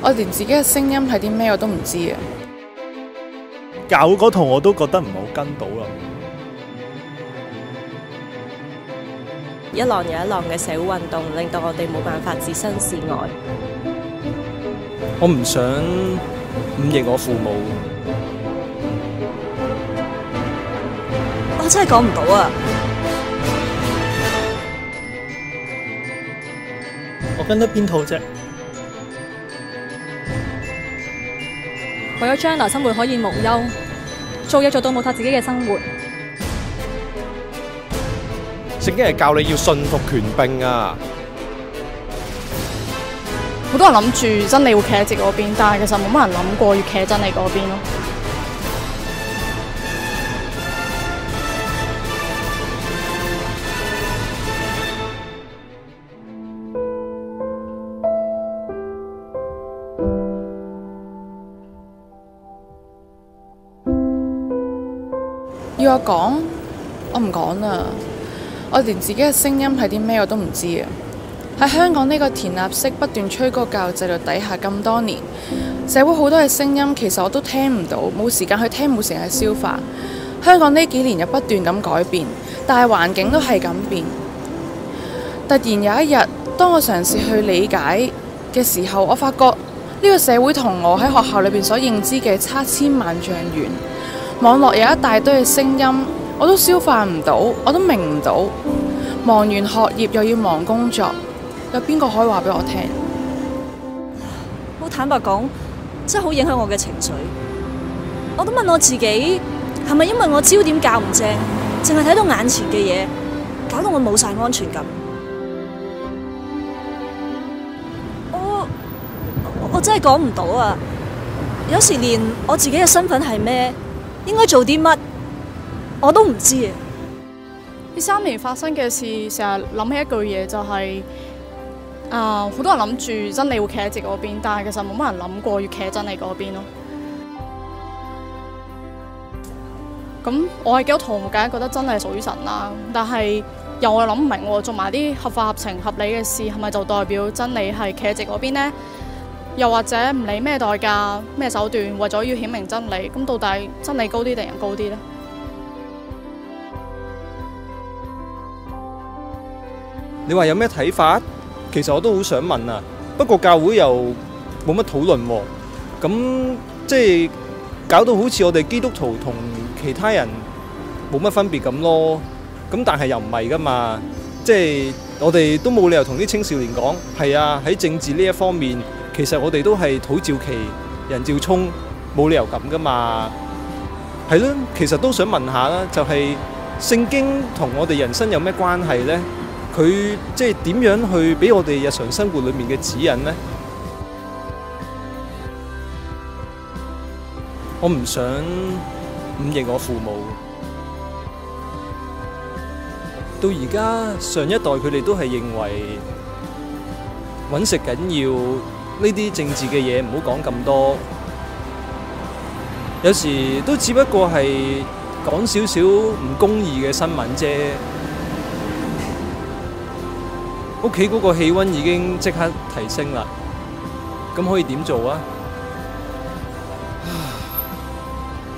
我連自己嘅聲音係啲咩我都唔知啊！教嗰套我都覺得唔好跟到咯。一浪又一浪嘅社會運動，令到我哋冇辦法置身事外。我唔想忤逆我父母。我真係講唔到啊！跟得邊套啫？為咗將來生活可以無憂，做嘢做到冇晒自己嘅生活。聖經係教你要信服權柄啊！好多人諗住真理會企喺自己嗰邊，但係其實冇乜人諗過要企喺真理嗰邊咯。連自己嘅聲音係啲咩我都唔知啊！喺香港呢個填鴨式不斷吹高教育制度底下咁多年，社會好多嘅聲音其實我都聽唔到，冇時間去聽，冇時間去消化。香港呢幾年又不斷咁改變，大環境都係咁變。突然有一日，當我嘗試去理解嘅時候，我發覺呢個社會同我喺學校裏邊所認知嘅差千萬丈遠。網絡有一大堆嘅聲音。我都消化唔到，我都明唔到。忙完學業又要忙工作，有邊個可以話俾我聽？好坦白講，真係好影響我嘅情緒。我都問我自己，係咪因為我焦點搞唔正，淨係睇到眼前嘅嘢，搞到我冇晒安全感。我我真係講唔到啊！有時連我自己嘅身份係咩，應該做啲乜？我都唔知。呢三年發生嘅事，成日諗起一句嘢就係、是，啊、呃，好多人諗住真理會企喺直嗰邊，但係其實冇乜人諗過要企喺真理嗰邊咯。咁我係幾多同學梗覺得真理屬於神啦，但係又我諗唔明喎。做埋啲合法合情合理嘅事，係咪就代表真理係企喺直嗰邊呢？又或者唔理咩代價、咩手段，為咗要顯明真理，咁到底真理高啲定人高啲呢？你話有咩睇法？其實我都好想問啊，不過教會又冇乜討論，咁即係搞到好似我哋基督徒同其他人冇乜分別咁咯。咁但係又唔係噶嘛，即係我哋都冇理由同啲青少年講，係啊，喺政治呢一方面，其實我哋都係土照其人照沖，冇理由咁噶嘛。係咯，其實都想問下啦，就係聖經同我哋人生有咩關係呢？佢即係點樣去俾我哋日常生活裏面嘅指引呢？我唔想忤逆我父母。到而家上一代佢哋都係認為揾食緊要，呢啲政治嘅嘢唔好講咁多。有時都只不過係講少少唔公義嘅新聞啫。屋企嗰個氣温已經即刻提升啦，咁可以點做啊？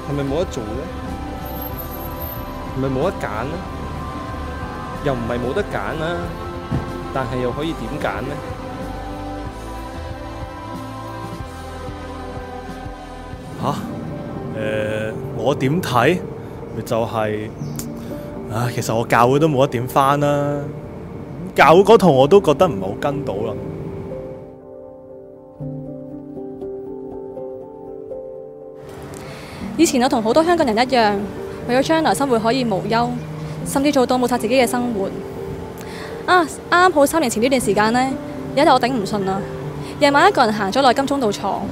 係咪冇得做咧？係咪冇得揀咧？又唔係冇得揀啊，但係又可以點揀咧？吓、啊？誒、呃，我點睇？咪就係、是，啊，其實我教會都冇得點翻啦。舊嗰套我都覺得唔好跟到啦。以前我同好多香港人一樣，為咗將來生活可以無憂，甚至做到冇晒自己嘅生活啊。啱啱好三年前呢段時間呢，有一日我頂唔順啦，夜晚一個人行咗落金鐘度坐，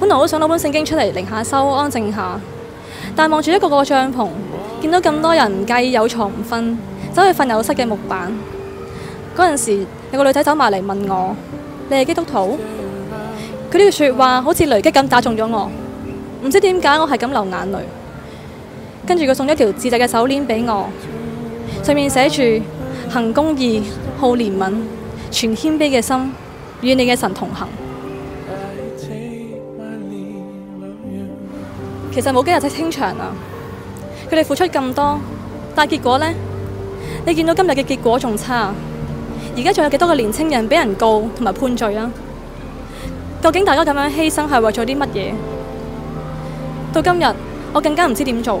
本來好想攞本聖經出嚟靈下收安靜下，但望住一個個帳篷，見到咁多人唔介意有床唔瞓，走去瞓有室嘅木板。嗰陣時有個女仔走埋嚟問我：你係基督徒？佢呢句說話好似雷擊咁打中咗我，唔知點解我係咁流眼淚。跟住佢送咗條自製嘅手鏈俾我，上面寫住行公義、好憐憫、存謙卑嘅心，與你嘅神同行。Lead, 其實冇幾日就清場啦。佢哋付出咁多，但係結果呢？你見到今日嘅結果仲差。而家仲有幾多個年輕人畀人告同埋判罪啊？究竟大家咁樣犧牲係為咗啲乜嘢？到今日，我更加唔知點做。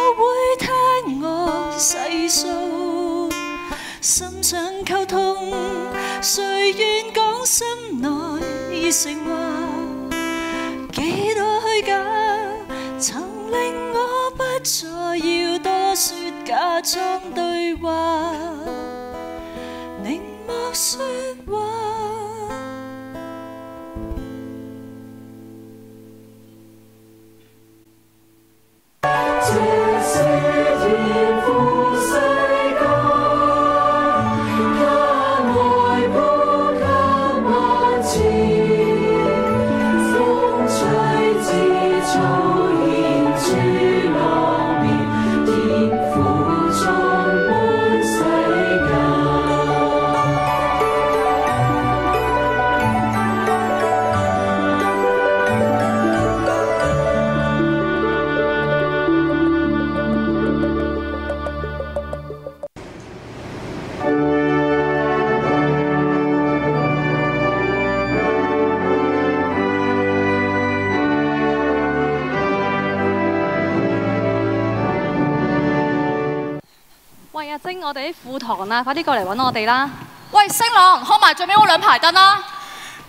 細數，心想溝通，誰願講心內熱誠話？幾多虛假，曾令我不再要多說假裝對話，寧默說話。堂啦，快啲過嚟搵我哋啦！喂，星朗，開埋最尾嗰兩排燈啦！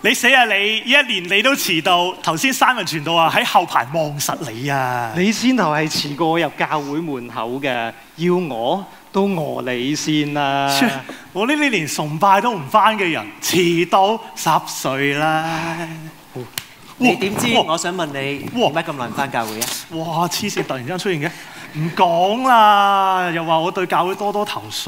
你死啊你！一年你都遲到，頭先三人傳到啊，喺後排望實你啊！你先頭係遲過我入教會門口嘅，要我都餓你先啊！我呢啲連崇拜都唔返嘅人，遲到十歲啦！你點知？我想問你，做咩咁難返教會啊？哇！黐線，突然之間出現嘅～唔講啦，又話我對教會多多投訴。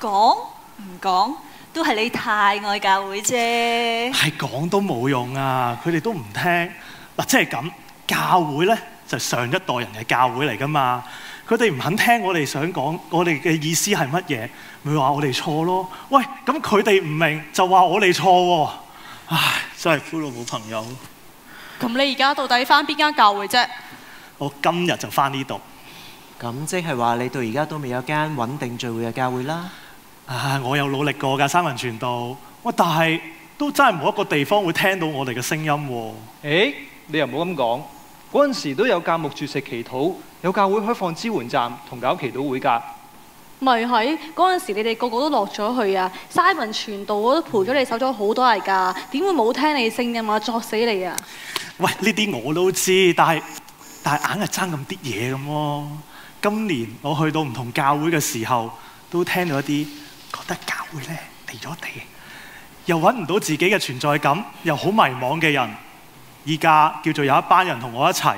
講唔講都係你太愛教會啫。係講都冇用啊！佢哋都唔聽。嗱，即係咁，教會咧就係上一代人嘅教會嚟噶嘛。佢哋唔肯聽我哋想講，我哋嘅意思係乜嘢，咪話我哋錯咯。喂，咁佢哋唔明就話我哋錯喎，啊。唉，真係孤獨冇朋友。咁你而家到底翻邊間教會啫？我今日就翻呢度。咁即係話你到而家都未有間穩定聚會嘅教會啦？啊，我有努力過噶，三文傳道，我但係都真係冇一個地方會聽到我哋嘅聲音。誒、欸，你又唔好咁講，嗰陣時都有教牧絕食祈禱，有教會開放支援站同搞祈禱會噶。咪係，嗰陣時你哋個個都落咗去啊！三文傳道，我都陪咗你守咗好多日噶，點、嗯、會冇聽你聲音啊？作死你啊！喂，呢啲我都知，但係但係硬係爭咁啲嘢咁咯。今年我去到唔同教會嘅時候，都聽到一啲覺得教會咧離咗地，又揾唔到自己嘅存在感，又好迷惘嘅人。依家叫做有一班人同我一齊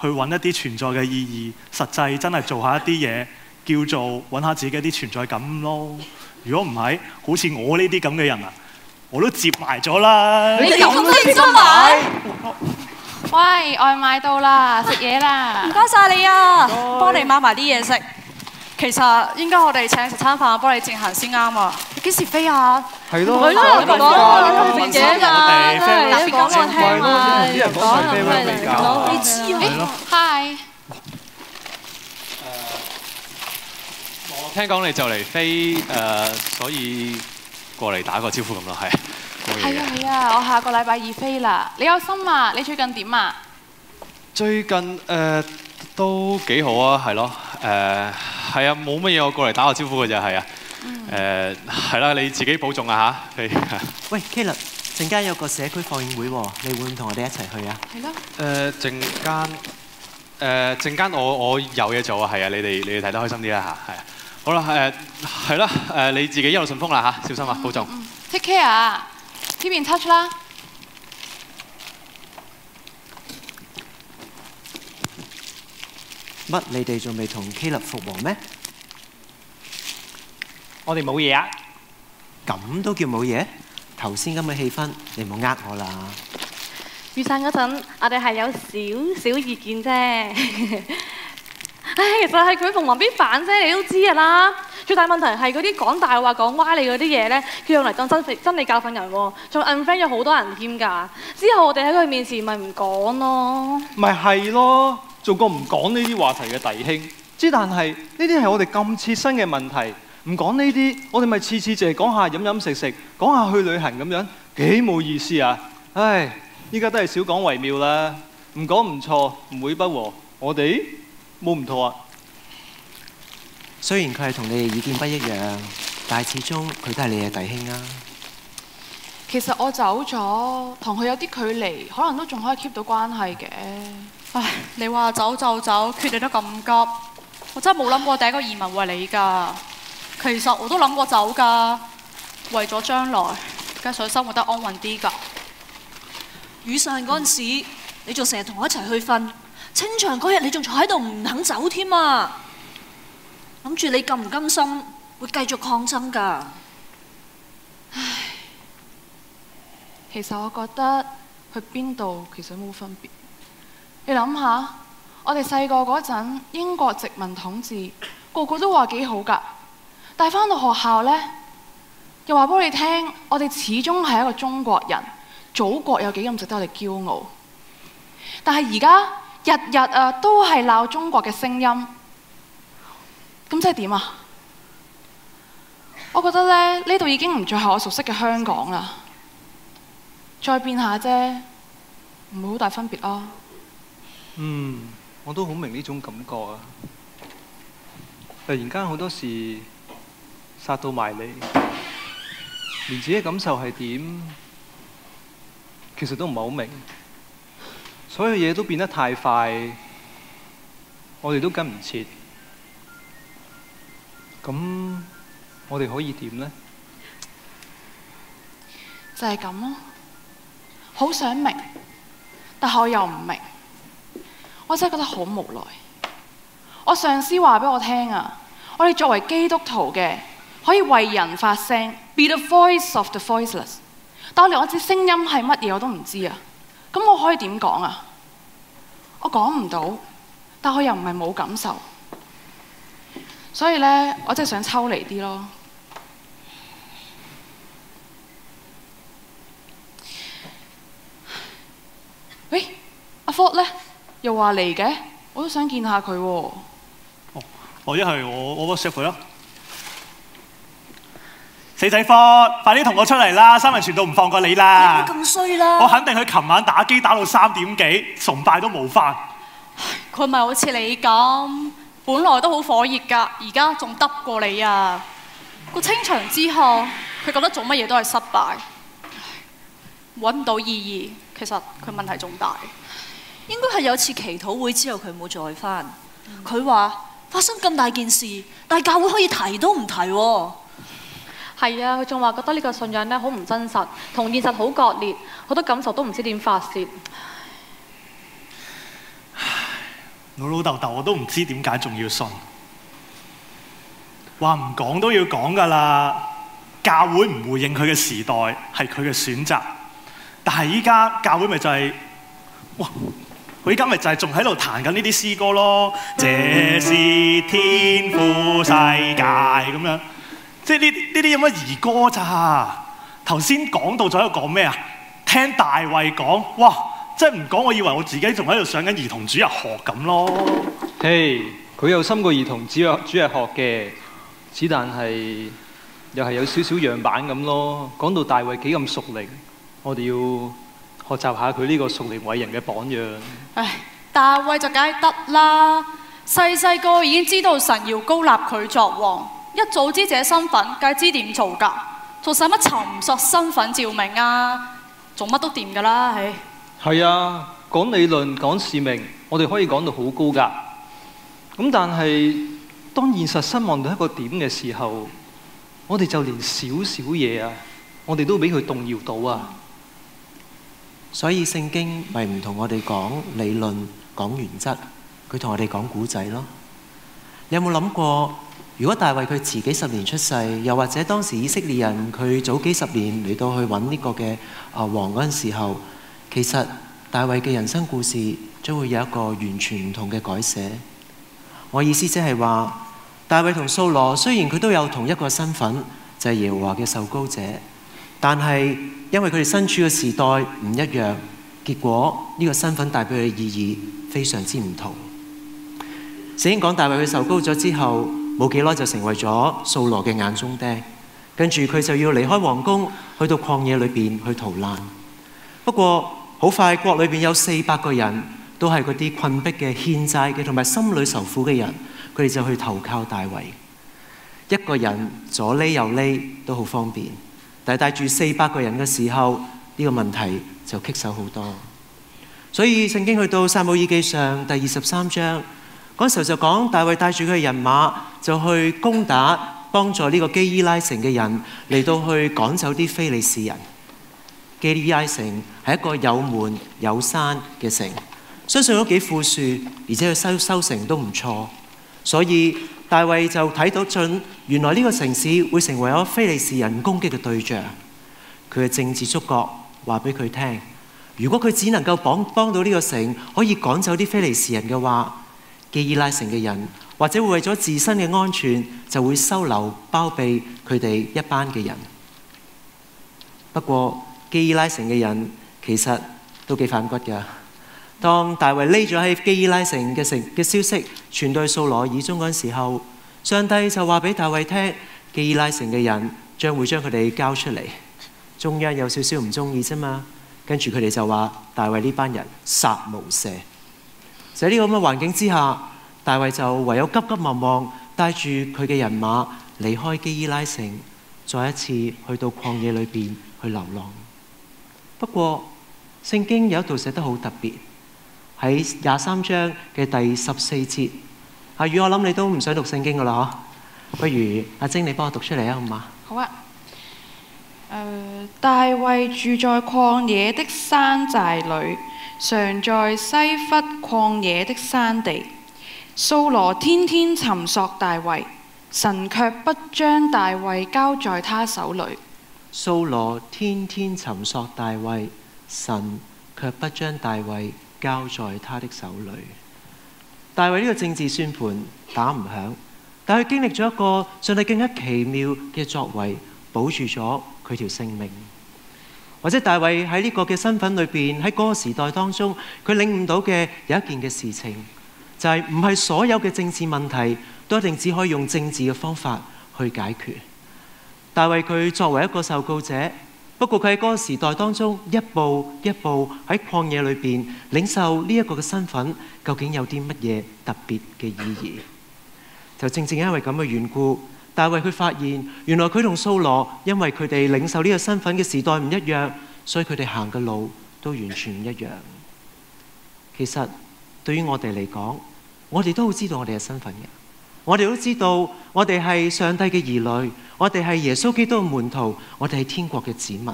去揾一啲存在嘅意義，實際真係做下一啲嘢，叫做揾下自己啲存在感咯。如果唔係，好似我呢啲咁嘅人啊，我都接埋咗啦。你咁都接埋？ 喂，外賣到啦，食嘢啦！唔該晒你啊，幫你買埋啲嘢食。其實應該我哋請你食餐飯，幫你餞行先啱啊！幾時飛啊？係咯，唔該。特別講我聽啊，特別講我聽啊，特別講啊，特別講。Hi。誒，我聽講你就嚟飛誒，所以過嚟打個招呼咁咯，係。係啊係啊，我下個禮拜二飛啦。你有心啊？你最近點啊？最近誒、呃、都幾好啊，係咯誒，係啊，冇乜嘢，啊、我過嚟打個招呼嘅咋。係啊誒，係、嗯、啦、呃啊，你自己保重啊嚇、啊。喂，Kelan，陣間有個社區放映會喎、啊，你會唔會同我哋一齊去啊？係咯、啊。誒陣間誒陣間我我有嘢做啊，係啊，你哋你哋睇得開心啲啦嚇，係啊。好啦誒係啦誒，你自己一路順風啦、啊、嚇，小心啊、嗯，保重。Take care. 啊。Keep in touch 啦！乜你哋仲未同 K 立復和咩？我哋冇嘢啊！咁都叫冇嘢？頭先咁嘅氣氛，你唔好呃我啦！雨傘嗰陣，我哋係有少少意見啫。 唉、哎，其實係佢鳳凰必反啫，你都知噶啦。最大問題係嗰啲講大話、講歪理嗰啲嘢咧，佢用嚟當真理、真理教訓人喎，仲 unfriend 咗好多人添㗎。之後我哋喺佢面前咪唔講咯，咪係咯，做個唔講呢啲話題嘅弟兄。之但係呢啲係我哋咁切身嘅問題，唔講呢啲，我哋咪次次淨係講下飲飲食食，講下去旅行咁樣幾冇意思啊！唉，依家都係少講為妙啦，唔講唔錯，唔會不和我哋。冇唔妥啊！雖然佢係同你嘅意見不一樣，但係始終佢都係你嘅弟兄啊。其實我走咗，同佢有啲距離，可能都仲可以 keep 到關係嘅。唉，你話走就走，走，決定得咁急，我真係冇諗過第一個移民會係你㗎。其實我都諗過走㗎，為咗將來，加上生活得安穩啲㗎。雨傘嗰陣時候、嗯，你仲成日同我一齊去瞓。清場嗰日，你仲坐喺度唔肯走添啊！諗住你咁唔甘心會繼續抗爭㗎？唉，其實我覺得去邊度其實冇分別。你諗下，我哋細個嗰陣英國殖民統治，個個都話幾好㗎。但係翻到學校咧，又話俾你聽，我哋始終係一個中國人，祖國有幾咁值得我哋驕傲。但係而家，日日啊，都係鬧中國嘅聲音，咁即係點啊？我覺得咧，呢度已經唔再係我熟悉嘅香港啦，再變下啫，唔會好大分別咯啊。嗯，我都好明呢種感覺啊！突然間好多事殺到埋你，連自己嘅感受係點，其實都唔係好明。所有嘢都變得太快，我哋都跟唔切。咁我哋可以點呢？就係咁咯。好想明，但係我又唔明。我真係覺得好無奈。我上司話俾我聽啊，我哋作為基督徒嘅可以為人發聲，be the voice of the voiceless。但我連我知聲音係乜嘢，我都唔知啊。咁我可以點講啊？我講唔到，但我又唔係冇感受，所以呢，我真係想抽離啲咯。誒，阿 Ford、哎、又話嚟嘅，我都想見下佢喎。哦，我一係我我幫 set 佢啦。死仔科，快啲同我出嚟啦！三文全都唔放過你啦！點咁衰啦？我肯定佢琴晚打機打到三點幾，崇拜都冇翻。佢咪好似你咁，本來都好火熱噶，而家仲耷過你啊！個清場之後，佢覺得做乜嘢都係失敗，揾唔到意義。其實佢問題仲大，應該係有次祈禱會之後佢冇再翻。佢話發生咁大件事，大教會可以提都唔提啊。係啊，佢仲話覺得呢個信仰咧好唔真實，同現實好割裂，好多感受都唔知點發泄。唉，我老老豆豆我都唔知點解仲要信。話唔講都要講㗎啦。教會唔回應佢嘅時代係佢嘅選擇，但係依家教會咪就係、是，哇！佢依家咪就係仲喺度彈緊呢啲詩歌咯， 這是天父世界，咁樣。即係呢呢啲有乜兒歌咋？頭先講到咗喺度講咩啊？聽大衛講，哇！真係唔講，我以為我自己仲喺度上緊兒童主日學咁咯。嘿，佢有三個兒童主日主日學嘅，只但係又係有少少樣板咁咯。講到大衛幾咁屬靈，我哋要學習下佢呢個屬靈偉人嘅榜樣。唉，大衛就梗係得啦。細細個已經知道神要膏立佢作王。一組織者身份，梗知點做噶？做晒乜尋索身份召命啊？做乜都掂噶啦，唉。係啊，講理論講使命，我哋可以講到好高噶。咁但係，當現實失望到一個點嘅時候，我哋就連少少嘢啊，我哋都俾佢動搖到啊。所以聖經咪唔同我哋講理論講原則，佢同我哋講古仔咯。你有冇諗過？如果大衛佢遲幾十年出世，又或者當時以色列人佢早幾十年嚟到去揾呢個嘅王嗰陣時候，其實大衛嘅人生故事將會有一個完全唔同嘅改寫。我意思即係話，大衛同掃羅雖然佢都有同一個身份，就係、是、耶和華嘅受膏者，但係因為佢哋身處嘅時代唔一樣，結果呢個身份帶畀佢嘅意義非常之唔同。首先講大衛佢受膏咗之後。冇幾耐就成為咗掃羅嘅眼中釘，跟住佢就要離開皇宮，去到曠野裏邊去逃難。不過好快，國裏邊有四百個人，都係嗰啲困迫嘅、欠債嘅同埋心裏愁苦嘅人，佢哋就去投靠大衛。一個人左匿右匿都好方便，但係帶住四百個人嘅時候，呢、這個問題就棘手好多。所以聖經去到撒母耳記上第二十三章。嗰時候就講，大衛帶住佢嘅人馬就去攻打，幫助呢個基伊拉城嘅人嚟到去趕走啲非利士人。基伊拉城係一個有門有山嘅城，相信都幾富庶，而且佢收收成都唔錯。所以大衛就睇到盡，原來呢個城市會成為咗非利士人攻擊嘅對象。佢嘅政治觸覺話俾佢聽：如果佢只能夠幫幫到呢個城可以趕走啲非利士人嘅話，基伊拉城嘅人，或者會為咗自身嘅安全，就會收留包庇佢哋一班嘅人。不過基伊拉城嘅人其實都幾反骨㗎。當大衛匿咗喺基伊拉城嘅消息傳到掃羅耳中嗰時候，上帝就話俾大衛聽：基伊拉城嘅人將會將佢哋交出嚟。中央有少少唔中意啫嘛，跟住佢哋就話：大衛呢班人殺無赦。在呢個咁嘅環境之下，大衛就唯有急急忙忙帶住佢嘅人馬離開基伊拉城，再一次去到曠野裏面去流浪。不過聖經有一度寫得好特別，喺廿三章嘅第十四節。阿宇，我諗你都唔想讀聖經㗎喇，不如阿晶你幫我讀出嚟啊？好嘛？好啊。呃，大衛住在曠野的山寨裏。常在西弗曠野的山地，掃羅天天尋索大衛，神卻不將大衛交在他手裏。掃羅天天尋索大衛，神卻不將大衛交在他的手裏。大衛呢個政治宣判，打唔響，但佢經歷咗一個上帝更加奇妙嘅作為，保住咗佢條性命。或者大衛喺呢個嘅身份裏邊，喺嗰個時代當中，佢領悟到嘅有一件嘅事情，就係唔係所有嘅政治問題都一定只可以用政治嘅方法去解決。大衛佢作為一個受膏者，不過佢喺嗰個時代當中，一步一步喺曠野裏邊領受呢一個嘅身份，究竟有啲乜嘢特別嘅意義？就正正因為咁嘅緣故。大衛佢發現原來佢同掃羅，因為佢哋領受呢個身份嘅時代唔一樣，所以佢哋行嘅路都完全唔一樣。其實對於我哋嚟講，我哋都好知道我哋嘅身份嘅。我哋都知道我哋係上帝嘅兒女，我哋係耶穌基督嘅門徒，我哋係天國嘅子民。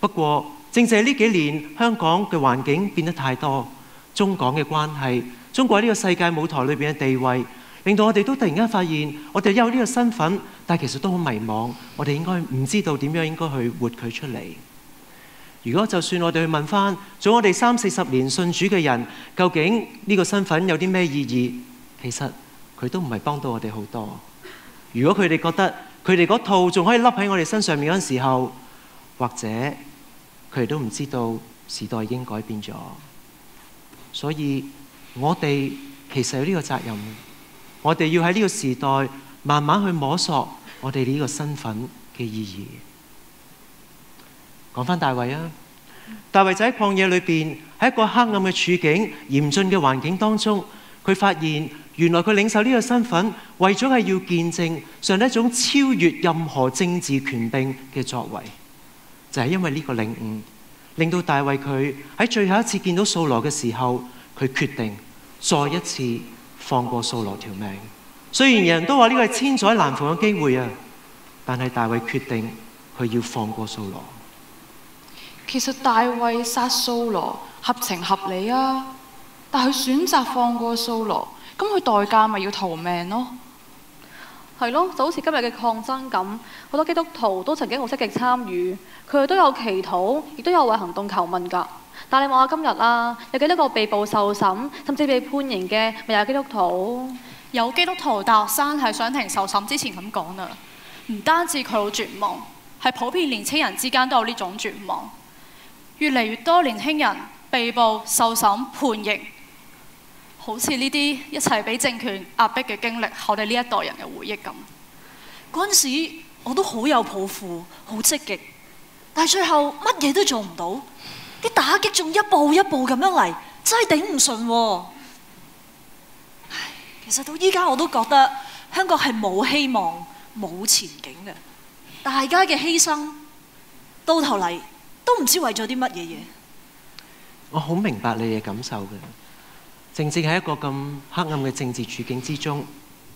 不過，正正係呢幾年，香港嘅環境變得太多，中港嘅關係，中國喺呢個世界舞台裏邊嘅地位。令到我哋都突然間發現，我哋有呢個身份，但係其實都好迷茫。我哋應該唔知道點樣應該去活佢出嚟。如果就算我哋去問翻，做我哋三四十年信主嘅人，究竟呢個身份有啲咩意義？其實佢都唔係幫到我哋好多。如果佢哋覺得佢哋嗰套仲可以笠喺我哋身上面嗰時候，或者佢哋都唔知道時代已經改變咗。所以我哋其實有呢個責任。我哋要喺呢個時代慢慢去摸索我哋呢個身份嘅意義。講返大衛啊，大衛就喺曠野裏面，喺一個黑暗嘅處境、嚴峻嘅環境當中，佢發現原來佢領受呢個身份，為咗係要見證上一種超越任何政治權柄嘅作為。就係、是、因為呢個領悟，令到大衛佢喺最後一次見到掃羅嘅時候，佢決定再一次。放過掃羅條命，雖然人人都話呢個係千載難逢嘅機會啊，但係大衛決定佢要放過掃羅。其實大衛殺掃羅合情合理啊，但係佢選擇放過掃羅，咁佢代價咪要逃命咯，啊？係咯， 就好似今日嘅抗爭咁，好多基督徒都曾經好積極參與，佢哋都有祈禱，亦都有為行動求問噶。但你望下今日啦，有幾多個被捕受審，甚至被判刑嘅咪有基督徒？有基督徒大學生係上庭受審之前咁講啦，唔單止佢好絕望，係普遍年青人之間都有呢種絕望。越嚟越多年輕人被捕受審判刑，好似呢啲一齊俾政權壓迫嘅經歷，我哋呢一代人嘅回憶咁。嗰陣時我都好有抱負，好積極，但係最後乜嘢都做唔到。啲打擊仲一步一步咁樣嚟，真係頂唔順。其實到依家我都覺得香港係冇希望、冇前景嘅。大家嘅犧牲到頭嚟都唔知為咗啲乜嘢嘢。我好明白你嘅感受嘅，正正喺一個咁黑暗嘅政治處境之中，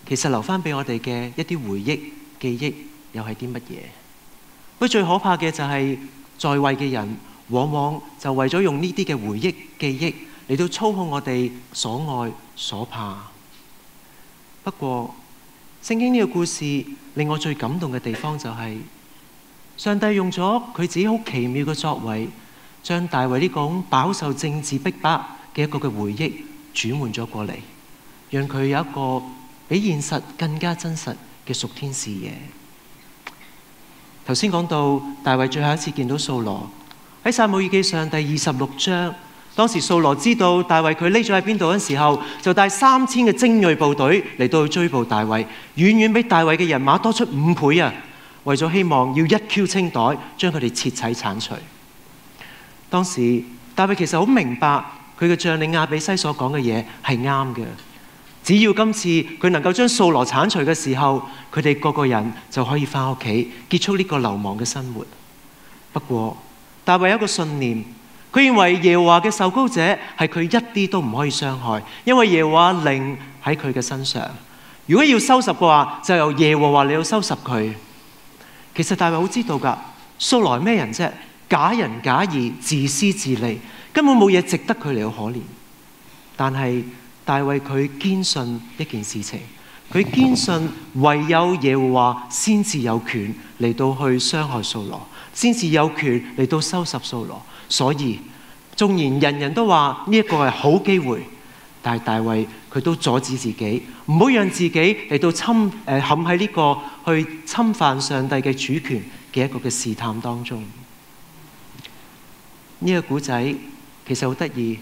其實留翻俾我哋嘅一啲回憶記憶又是什麼，又係啲乜嘢？佢最可怕嘅就係在位嘅人。往往就為咗用呢啲嘅回憶記憶嚟到操控我哋所愛所怕。不過，聖經呢個故事令我最感動嘅地方就係，上帝用咗佢自己好奇妙嘅作為，將大衛呢種飽受政治逼迫嘅一個嘅回憶轉換咗過嚟，讓佢有一個比現實更加真實嘅屬天視野。頭先講到大衛最後一次見到掃羅。喺《撒母耳記》上第二十六章，當時掃羅知道大衛佢匿咗喺邊度嘅時候，就帶三千嘅精銳部隊嚟到去追捕大衛，遠遠比大衛嘅人馬多出五倍啊！為咗希望要一 Q 清袋，將佢哋徹底鏟除。當時大衛其實好明白佢嘅將領亞比西所講嘅嘢係啱嘅，只要今次佢能夠將掃羅鏟除嘅時候，佢哋個個人就可以翻屋企，結束呢個流亡嘅生活。不過，大衛有一個信念，佢認為耶和華嘅受膏者，係佢一啲都唔可以傷害，因為耶和華靈喺佢嘅身上。如果要收拾嘅話，就由耶和華嚟收拾佢。其實大衛好知道噶，掃羅咩人啫？假仁假義、自私自利，根本冇嘢值得佢嚟到可憐。但係大衛佢堅信一件事情，佢堅信唯有耶和華先至有權嚟到去傷害掃羅。先至有權嚟到收拾掃羅，所以縱然人人都話呢一個係好機會，但係大衛佢都阻止自己，唔好讓自己嚟到侵誒陷喺呢個去侵犯上帝嘅主權嘅一個嘅試探當中。呢、這個個故仔其實好得意，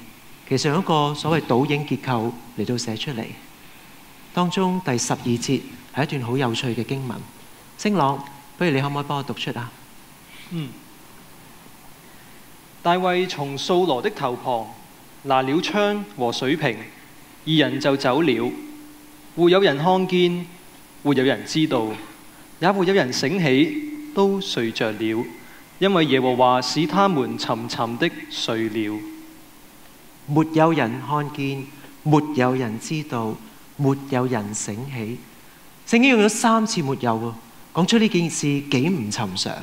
其實有一個所謂倒影結構嚟到寫出嚟。當中第十二節係一段好有趣嘅經文，星朗，不如你可唔可以幫我讀出啊？嗯，大衛從掃羅的頭旁拿了槍和水瓶，二人就走了。沒有人看見，沒有人知道，也沒有人醒起，都睡着了，因為耶和華使他們沉沉的睡了。沒有人看見，沒有人知道，沒有人醒起。聖經用咗三次“沒有”啊，講出呢件事幾唔尋常。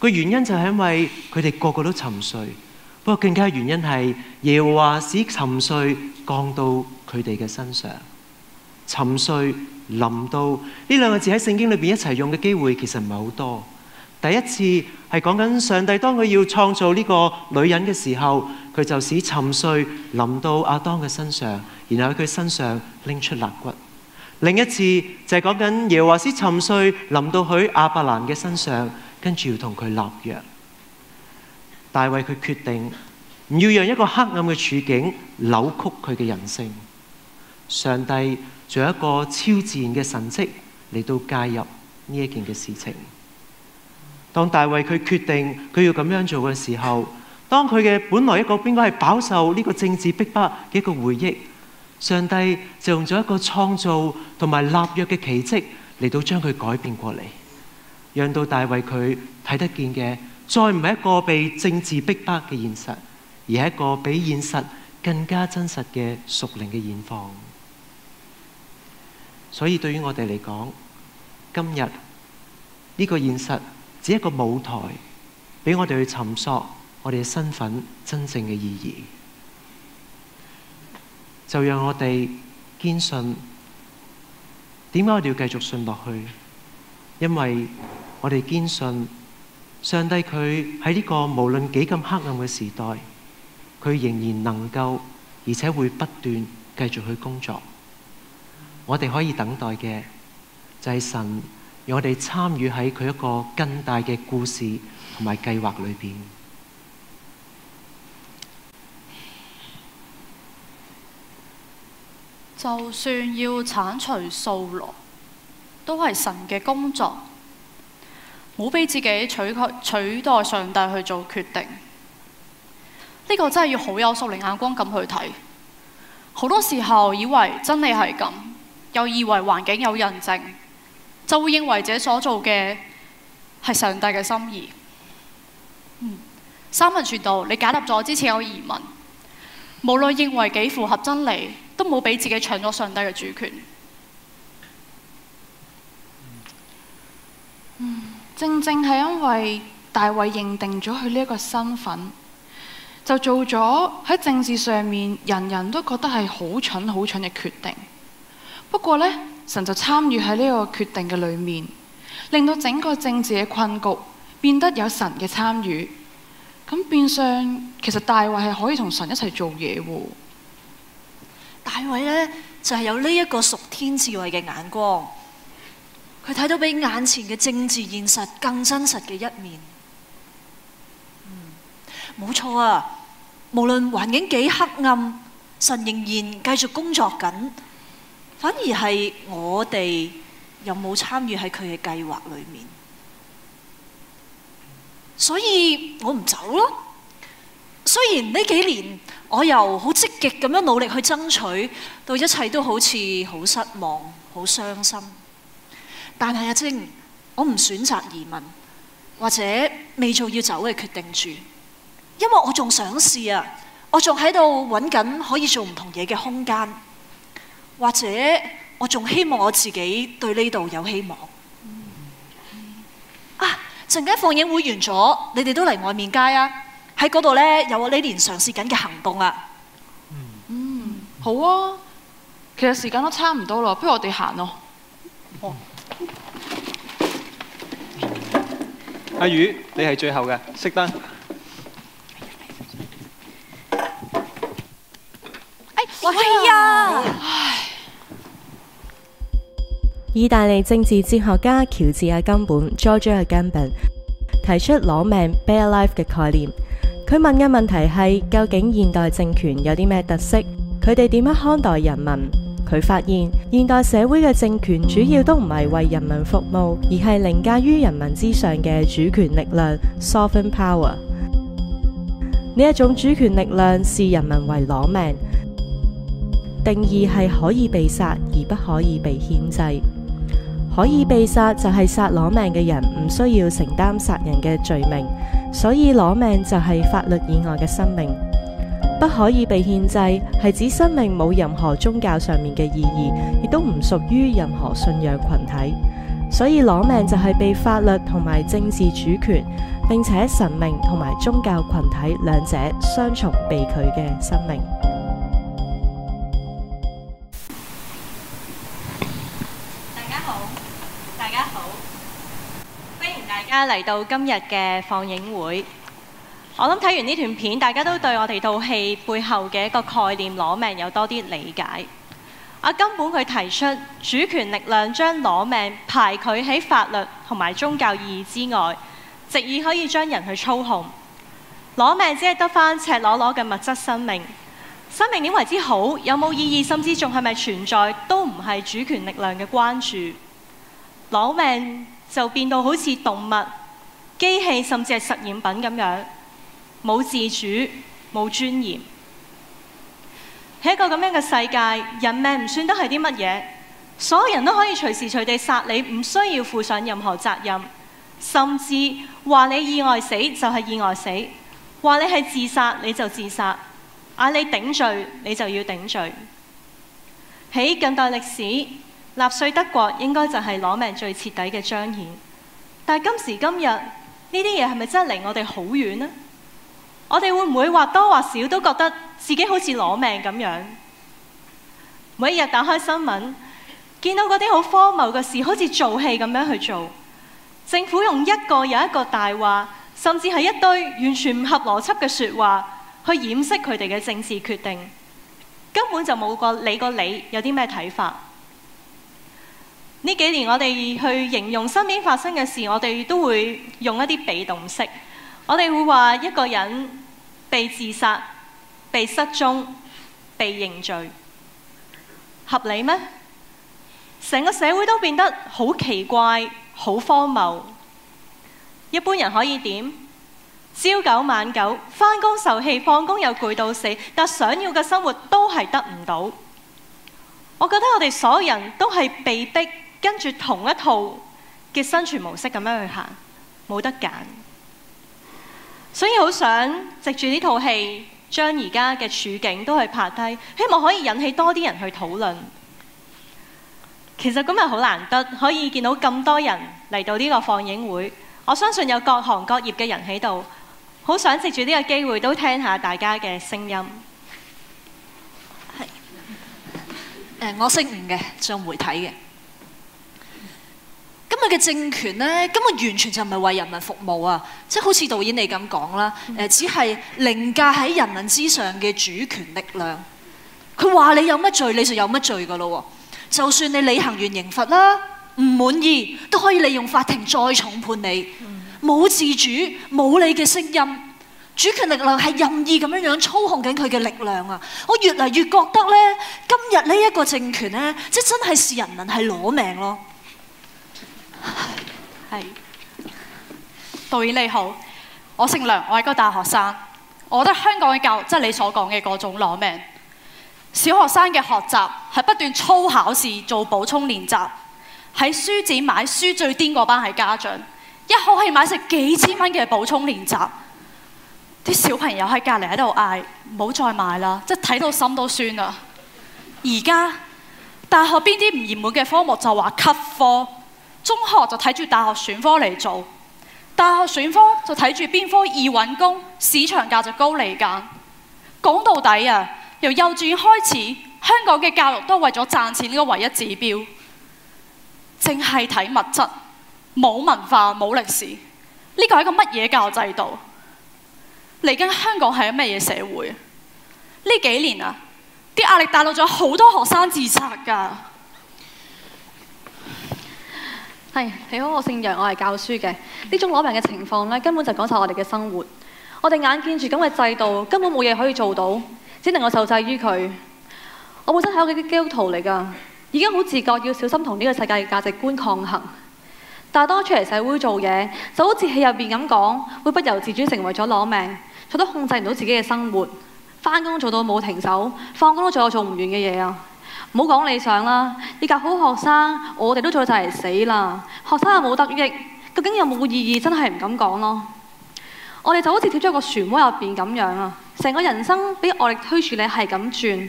佢原因就係因為佢哋個個都沉睡，不過更加原因係耶和華使沉睡降到佢哋嘅身上，沉睡、臨到呢兩個字喺聖經裏邊一齊用嘅機會其實唔係好多。第一次係講緊上帝當佢要創造呢個女人嘅時候，佢就使沉睡臨到阿當嘅身上，然後喺佢身上拎出肋骨。另一次就係講緊耶和華使沉睡臨到佢亞伯蘭嘅身上。跟住要同佢立約，大衛佢決定唔要讓一個黑暗嘅處境扭曲佢嘅人性。上帝做一個超自然嘅神蹟嚟到介入呢一件嘅事情。當大衛佢決定佢要咁樣做嘅時候，當佢嘅本來一個邊個係飽受呢個政治逼迫嘅一個回憶，上帝就用咗一個創造同埋立約嘅奇蹟嚟到將佢改變過嚟。讓到大衛佢睇得見嘅，再唔係一個被政治逼迫嘅現實，而係一個比現實更加真實嘅屬靈嘅現況。所以對於我哋嚟講，今日呢個現實，只係一個舞台，俾我哋去尋索我哋嘅身份真正嘅意義。就讓我哋堅信，點解我哋要繼續信落去？因為我哋堅信上帝佢喺呢個無論幾咁黑暗嘅時代，佢仍然能夠而且會不斷繼續去工作。我哋可以等待嘅就係神，讓我哋參與喺佢一個更大嘅故事同埋計劃裏邊。就算要鏟除掃羅，都係神嘅工作。冇俾自己取取代上帝去做決定，呢個真係要好有屬靈眼光咁去睇。好多時候以為真理係咁，又以為環境有人證，就會認為自己所做嘅係上帝嘅心意、嗯。三文全道：你解答咗之前有疑問，無論認為幾符合真理，都冇俾自己搶咗上帝嘅主權。嗯正正係因為大衛認定咗佢呢一個身份，就做咗喺政治上面人人都覺得係好蠢好蠢嘅決定。不過呢，神就參與喺呢個決定嘅裏面，令到整個政治嘅困局變得有神嘅參與。咁變相其實大衛係可以同神一齊做嘢喎。大衛呢，就係、是、有呢一個屬天智慧嘅眼光。佢睇到比眼前嘅政治現實更真實嘅一面，嗯，冇錯啊！無論環境幾黑暗，神仍然繼續工作緊。反而係我哋有冇參與喺佢嘅計劃裏面，所以我唔走咯。雖然呢幾年我由好積極咁樣努力去爭取，到一切都好似好失望、好傷心。但係阿晶，我唔選擇移民，或者未做要走嘅決定住，因為我仲想試啊，我仲喺度揾緊可以做唔同嘢嘅空間，或者我仲希望我自己對呢度有希望。嗯嗯、啊！陣間放映會完咗，你哋都嚟外面街啊！喺嗰度咧有我呢年嘗試緊嘅行動啊。嗯，好啊。其實時間都差唔多喇，不如我哋行咯。阿宇，你係最後嘅，熄燈，哎哎哎。意大利政治哲學家喬治阿根本 （George Agamben） 提出“裸命 （bare life）” 嘅概念。佢問嘅問題係：究竟現代政權有啲咩特色？佢哋點樣看待人民？佢發現現代社會嘅政權主要都唔係為人民服務，而係凌駕於人民之上嘅主權力量 （sovereign power）。呢一種主權力量視人民為裸命，定義係可以被殺而不可以被牽制。可以被殺就係殺裸命嘅人，唔需要承擔殺人嘅罪名。所以裸命就係法律以外嘅生命。不可以被獻祭，係指生命冇任何宗教上面嘅意義，亦都唔屬於任何信仰群體。所以裸命就係被法律同埋政治主權，並且神明同埋宗教群體兩者雙重被拒嘅生命。大家好，大家好，歡迎大家嚟到今日嘅放映會。我諗睇完呢段片，大家都對我哋套戲背後嘅一個概念攞命有多啲理解。阿甘本佢提出主權力量將攞命排拒喺法律同埋宗教意義之外，直以可以將人去操控。攞命只係得翻赤裸裸嘅物質生命，生命點為之好，有冇意義，甚至仲係咪存在，都唔係主權力量嘅關注。攞命就變到好似動物、機器，甚至係實驗品咁樣，冇自主、冇尊嚴，喺一個咁樣嘅世界，人命唔算得係啲乜嘢，所有人都可以隨時隨地殺你，唔需要負上任何責任，甚至話你意外死就係意外死，話你係自殺你就自殺，嗌你頂罪你就要頂罪。喺近代歷史，納粹德國應該就係攞命最徹底嘅彰顯，但係今時今日，呢啲嘢係咪真係離我哋好遠呢？我哋會唔會或多或少都覺得自己好似裸命咁樣？每一日打開新聞，見到嗰啲好荒謬嘅事，好似做戲咁樣去做。政府用一個又一個大話，甚至係一堆完全唔合邏輯嘅説話，去掩飾佢哋嘅政治決定，根本就冇理過你有啲咩睇法。呢幾年我哋去形容身邊發生嘅事，我哋都會用一啲被動式。我哋會話一個人被自殺、被失蹤、被認罪，合理咩？成個社會都變得好奇怪、好荒謬。一般人可以點？朝九晚九，返工受氣，放工又攰到死，但想要嘅生活都係得唔到。我覺得我哋所有人都係被迫跟住同一套嘅生存模式咁樣去行，冇得揀。所以好想藉住呢套戲，將而家嘅處境都去拍低，希望可以引起多啲人去討論。其實今日好難得，可以見到咁多人嚟到呢個放映會。我相信有各行各業嘅人喺度，好想藉住呢個機會都聽下大家嘅聲音。呃、我姓吳嘅，做媒體嘅。今日嘅政權呢，根本完全就唔係為人民服務啊！即係好似導演你咁講啦，誒，只係凌駕喺人民之上嘅主權力量。佢話你有乜罪，你就有乜罪噶咯喎！就算你履行完刑罰啦，唔滿意都可以利用法庭再重判你。冇自主，冇你嘅聲音，主權力量係任意咁樣樣操控緊佢嘅力量啊！我越嚟越覺得呢，今日呢一個政權呢，即真係是人民係攞命咯。係，導演你好，我姓梁，我係個大學生。我覺得香港嘅教育，即係你所講嘅嗰種攞命，小學生嘅學習係不斷操考試、做補充練習，喺書展買書最癲嗰班係家長，一號可以買成幾千蚊嘅補充練習，啲小朋友喺隔離喺度嗌唔好再買啦，即係睇到心都酸啊！而家大學邊啲唔熱門嘅科目就話 cut 科。中學就睇住大學選科嚟做，大學選科就睇住邊科易揾工、市場價值高嚟揀。講到底啊，由幼稚園開始，香港嘅教育都為咗賺錢呢個唯一指標，淨係睇物質，冇文化、冇歷史，呢個係一個乜嘢教育制度？嚟緊香港係一乜嘢社會？呢幾年啊，啲壓力大到咗好多學生自殺㗎。係、哎，你好，我姓楊，我係教書嘅。呢種攞命嘅情況咧，根本就講晒我哋嘅生活。我哋眼見住咁嘅制度，根本冇嘢可以做到，只能夠受制於佢。我本身係一個基督徒嚟㗎，已經好自覺要小心同呢個世界嘅價值觀抗衡。但當我出嚟社會做嘢，就好似喺入邊咁講，會不由自主成為咗攞命，再都控制唔到自己嘅生活。翻工做到冇停手，放工都仲有做唔完嘅嘢啊！唔好講理想啦，你教好學生，我哋都做就嚟死啦。學生又冇得益，究竟有冇意義？真係唔敢講咯。我哋就好似跳咗個漩渦入邊咁樣啊，成個人生俾外力推住你係咁轉。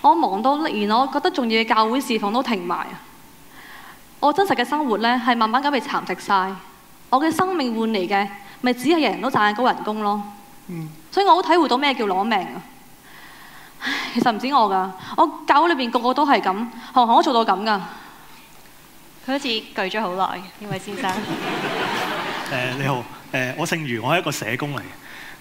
我忙到連我覺得重要嘅教會侍奉都停埋。我真實嘅生活呢，係慢慢咁被蠶食晒。我嘅生命換嚟嘅咪只係人人都賺高人工咯。所以我好體會到咩叫攞命啊！其實唔止我噶，我教會裏邊個個都係咁，行行都做到咁噶。佢好似攰咗好耐，呢位先生。誒、 呃，你好，誒、呃，我姓余，我係一個社工嚟嘅。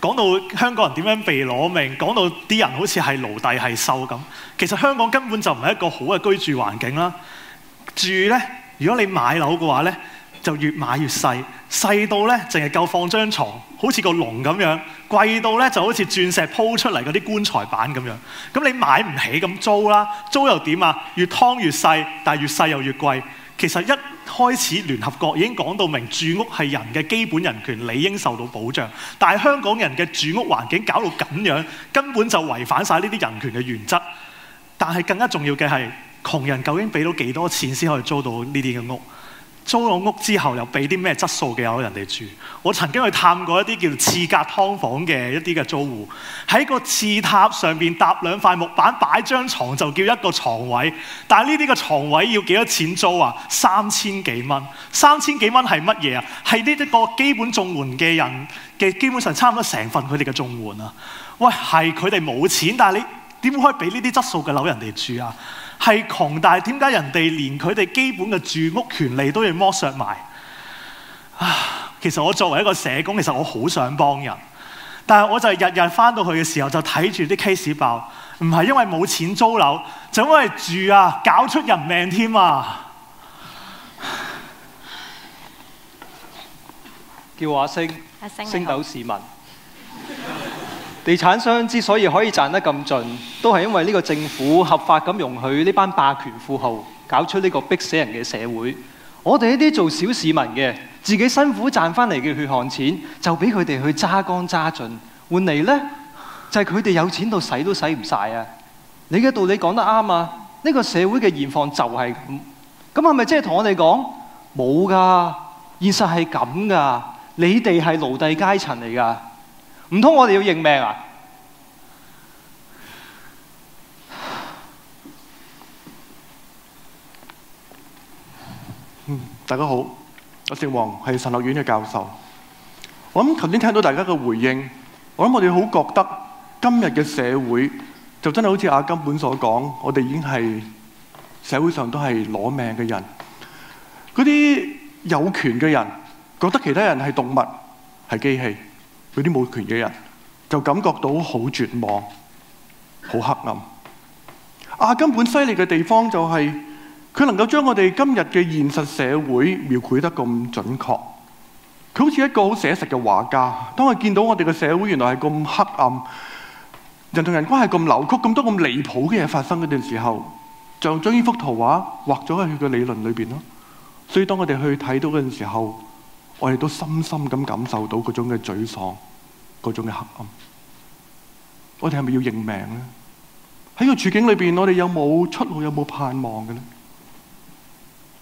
講到香港人點樣被攞命，講到啲人好似係奴隸係獸咁，其實香港根本就唔係一個好嘅居住環境啦。住咧，如果你買樓嘅話咧。就越買越細，細到呢淨係夠放張床，好似個籠咁樣；貴到呢就好似鑽石鋪出嚟嗰啲棺材板咁樣。咁你買唔起咁租啦，租又點啊？越劏越細，但係越細又越貴。其實一開始聯合國已經講到明，住屋係人嘅基本人權，理應受到保障。但係香港人嘅住屋環境搞到咁樣，根本就違反晒呢啲人權嘅原則。但係更加重要嘅係，窮人究竟俾到幾多錢先可以租到呢啲嘅屋？租咗屋之後又俾啲咩質素嘅樓的人哋住？我曾經去探過一啲叫廁格劏房嘅一啲嘅租戶，喺個廁塔上邊搭兩塊木板擺張床，就叫一個床位，但係呢啲嘅床位要幾多錢租啊？三千幾蚊，三千幾蚊係乜嘢啊？係呢一個基本綜援嘅人嘅基本上差唔多成份佢哋嘅綜援啊！喂，係佢哋冇錢，但係你點可以俾呢啲質素嘅樓的人哋住啊？係窮，大，係點解人哋連佢哋基本嘅住屋權利都要剝削埋？啊，其實我作為一個社工，其實我好想幫人，但係我就日日翻到去嘅時候就睇住啲 case 爆，唔係因為冇錢租樓，就因為住啊搞出人命添啊！叫我阿星，阿星，星斗市民。地產商之所以可以賺得咁盡，都係因為呢個政府合法咁容許呢班霸權富豪搞出呢個逼死人嘅社會。我哋呢啲做小市民嘅，自己辛苦賺翻嚟嘅血汗錢，就俾佢哋去揸乾揸盡。換嚟呢，就係佢哋有錢到使都使唔晒啊！你嘅道理講得啱啊！呢個社會嘅現況就係咁。咁係咪即係同我哋講冇噶？現實係咁噶。你哋係奴隸階層嚟噶。唔通我哋要認命啊？嗯，大家好，我姓王，係神學院嘅教授。我諗頭先聽到大家嘅回應，我諗我哋好覺得今日嘅社會就真係好似阿根本所講，我哋已經係社會上都係攞命嘅人。嗰啲有權嘅人，覺得其他人係動物，係機器。嗰啲冇權嘅人就感覺到好絕望、好黑暗。阿、啊、根本犀利嘅地方就係、是、佢能夠將我哋今日嘅現實社會描繪得咁準確。佢好似一個好寫實嘅畫家。當佢見到我哋嘅社會原來係咁黑暗、人同人關係咁扭曲、咁多咁離譜嘅嘢發生嗰陣時候，就將呢幅圖畫畫咗喺佢嘅理論裏邊咯。所以當我哋去睇到嗰陣時候，我哋都深深咁感受到嗰種嘅沮喪，嗰種嘅黑暗。我哋係咪要認命呢？喺個處境裏邊，我哋有冇出路？有冇盼望嘅呢？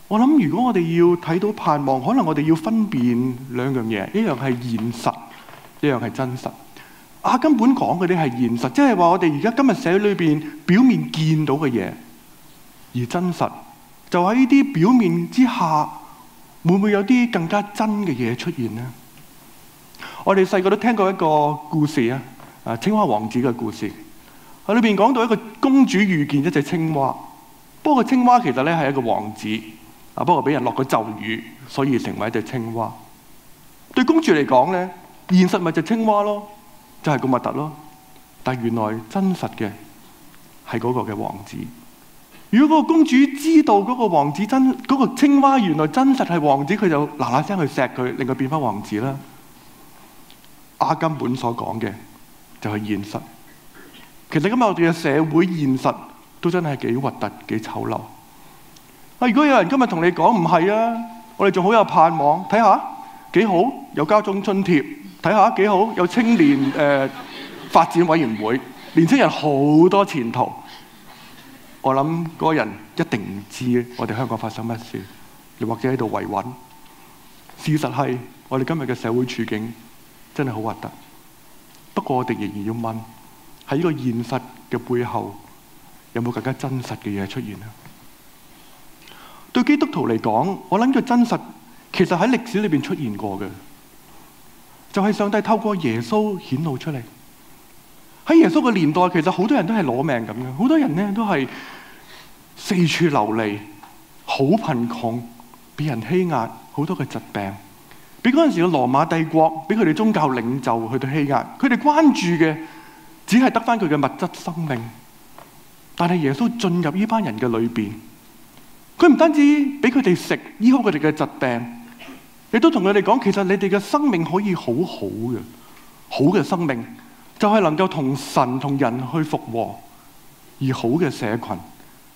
我諗，如果我哋要睇到盼望，可能我哋要分辨兩樣嘢：一樣係現實，一樣係真實。啊，根本講嗰啲係現實，即係話我哋而家今日社裏邊表面見到嘅嘢，而真實就喺呢啲表面之下。會唔會有啲更加真嘅嘢出現呢？我哋細個都聽過一個故事啊，啊青蛙王子嘅故事，啊裏邊講到一個公主遇見一隻青蛙，不過青蛙其實咧係一個王子，啊不過俾人落咗咒語，所以成為一隻青蛙。對公主嚟講咧，現實咪就係青蛙咯，就係咁核突咯。但原來真實嘅係嗰個嘅王子。如果個公主知道嗰個王子真嗰、嗰個青蛙原來真實係王子，佢就嗱嗱聲去錫佢，令佢變翻王子啦。阿根本所講嘅就係現實。其實今日我哋嘅社會現實都真係幾核突、幾醜陋。啊！如果有人今日同你講唔係啊，我哋仲好有盼望。睇下幾好，有加種津貼。睇下幾好，有青年誒、呃、發展委員會，年青人好多前途。我諗嗰個人一定唔知我哋香港發生乜事，又或者喺度維穩。事實係我哋今日嘅社會處境真係好核突。不過我哋仍然要問：喺呢個現實嘅背後，有冇更加真實嘅嘢出現？對基督徒嚟講，我諗嘅真實其實喺歷史裏面出現過嘅，就係上帝透過耶穌顯露出嚟。喺耶穌嘅年代，其實好多人都係裸命咁嘅，好多人咧都係四處流離，好貧窮，俾人欺壓，好多嘅疾病。俾嗰陣時嘅羅馬帝國，俾佢哋宗教領袖去到欺壓，佢哋關注嘅只係得翻佢嘅物質生命。但係耶穌進入呢班人嘅裏邊，佢唔單止俾佢哋食，醫好佢哋嘅疾病，亦都同佢哋講，其實你哋嘅生命可以好好嘅，好嘅生命。就係、是、能夠同神同人去復和，而好嘅社群，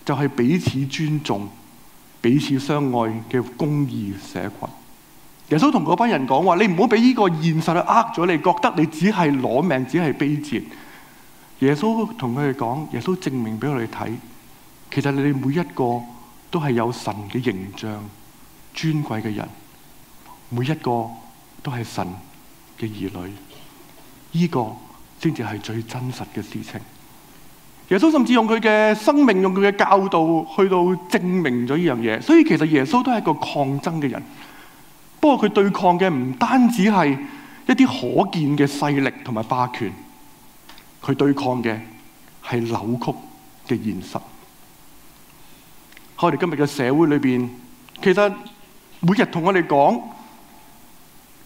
就係彼此尊重、彼此相愛嘅公義社群。耶穌同嗰班人講話，你唔好俾呢個現實去呃咗你，覺得你只係裸命，只係卑賤。耶穌同佢哋講，耶穌證明俾我哋睇，其實你哋每一個都係有神嘅形象、尊貴嘅人，每一個都係神嘅兒女。呢、這個。先至係最真實嘅事情。耶穌甚至用佢嘅生命，用佢嘅教導，去到證明咗呢樣嘢。所以其實耶穌都係一個抗爭嘅人。不過佢對抗嘅唔單止係一啲可見嘅勢力同埋霸權，佢對抗嘅係扭曲嘅現實。喺我哋今日嘅社會裏邊，其實每日同我哋講，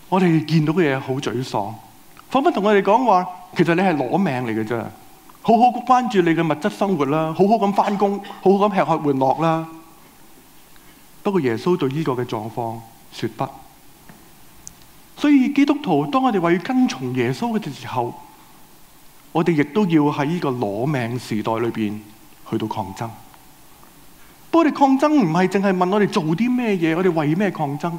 我哋見到嘅嘢好沮喪，仿佛同我哋講話。其實你係裸命嚟嘅啫，好好關注你嘅物質生活啦，好好咁返工，好好咁吃喝玩樂啦。不過耶穌對呢個嘅狀況說不，所以基督徒當我哋話要跟從耶穌嘅時候，我哋亦都要喺呢個裸命時代裏邊去到抗爭。不過我哋抗爭唔係淨係問我哋做啲咩嘢，我哋為咩抗爭？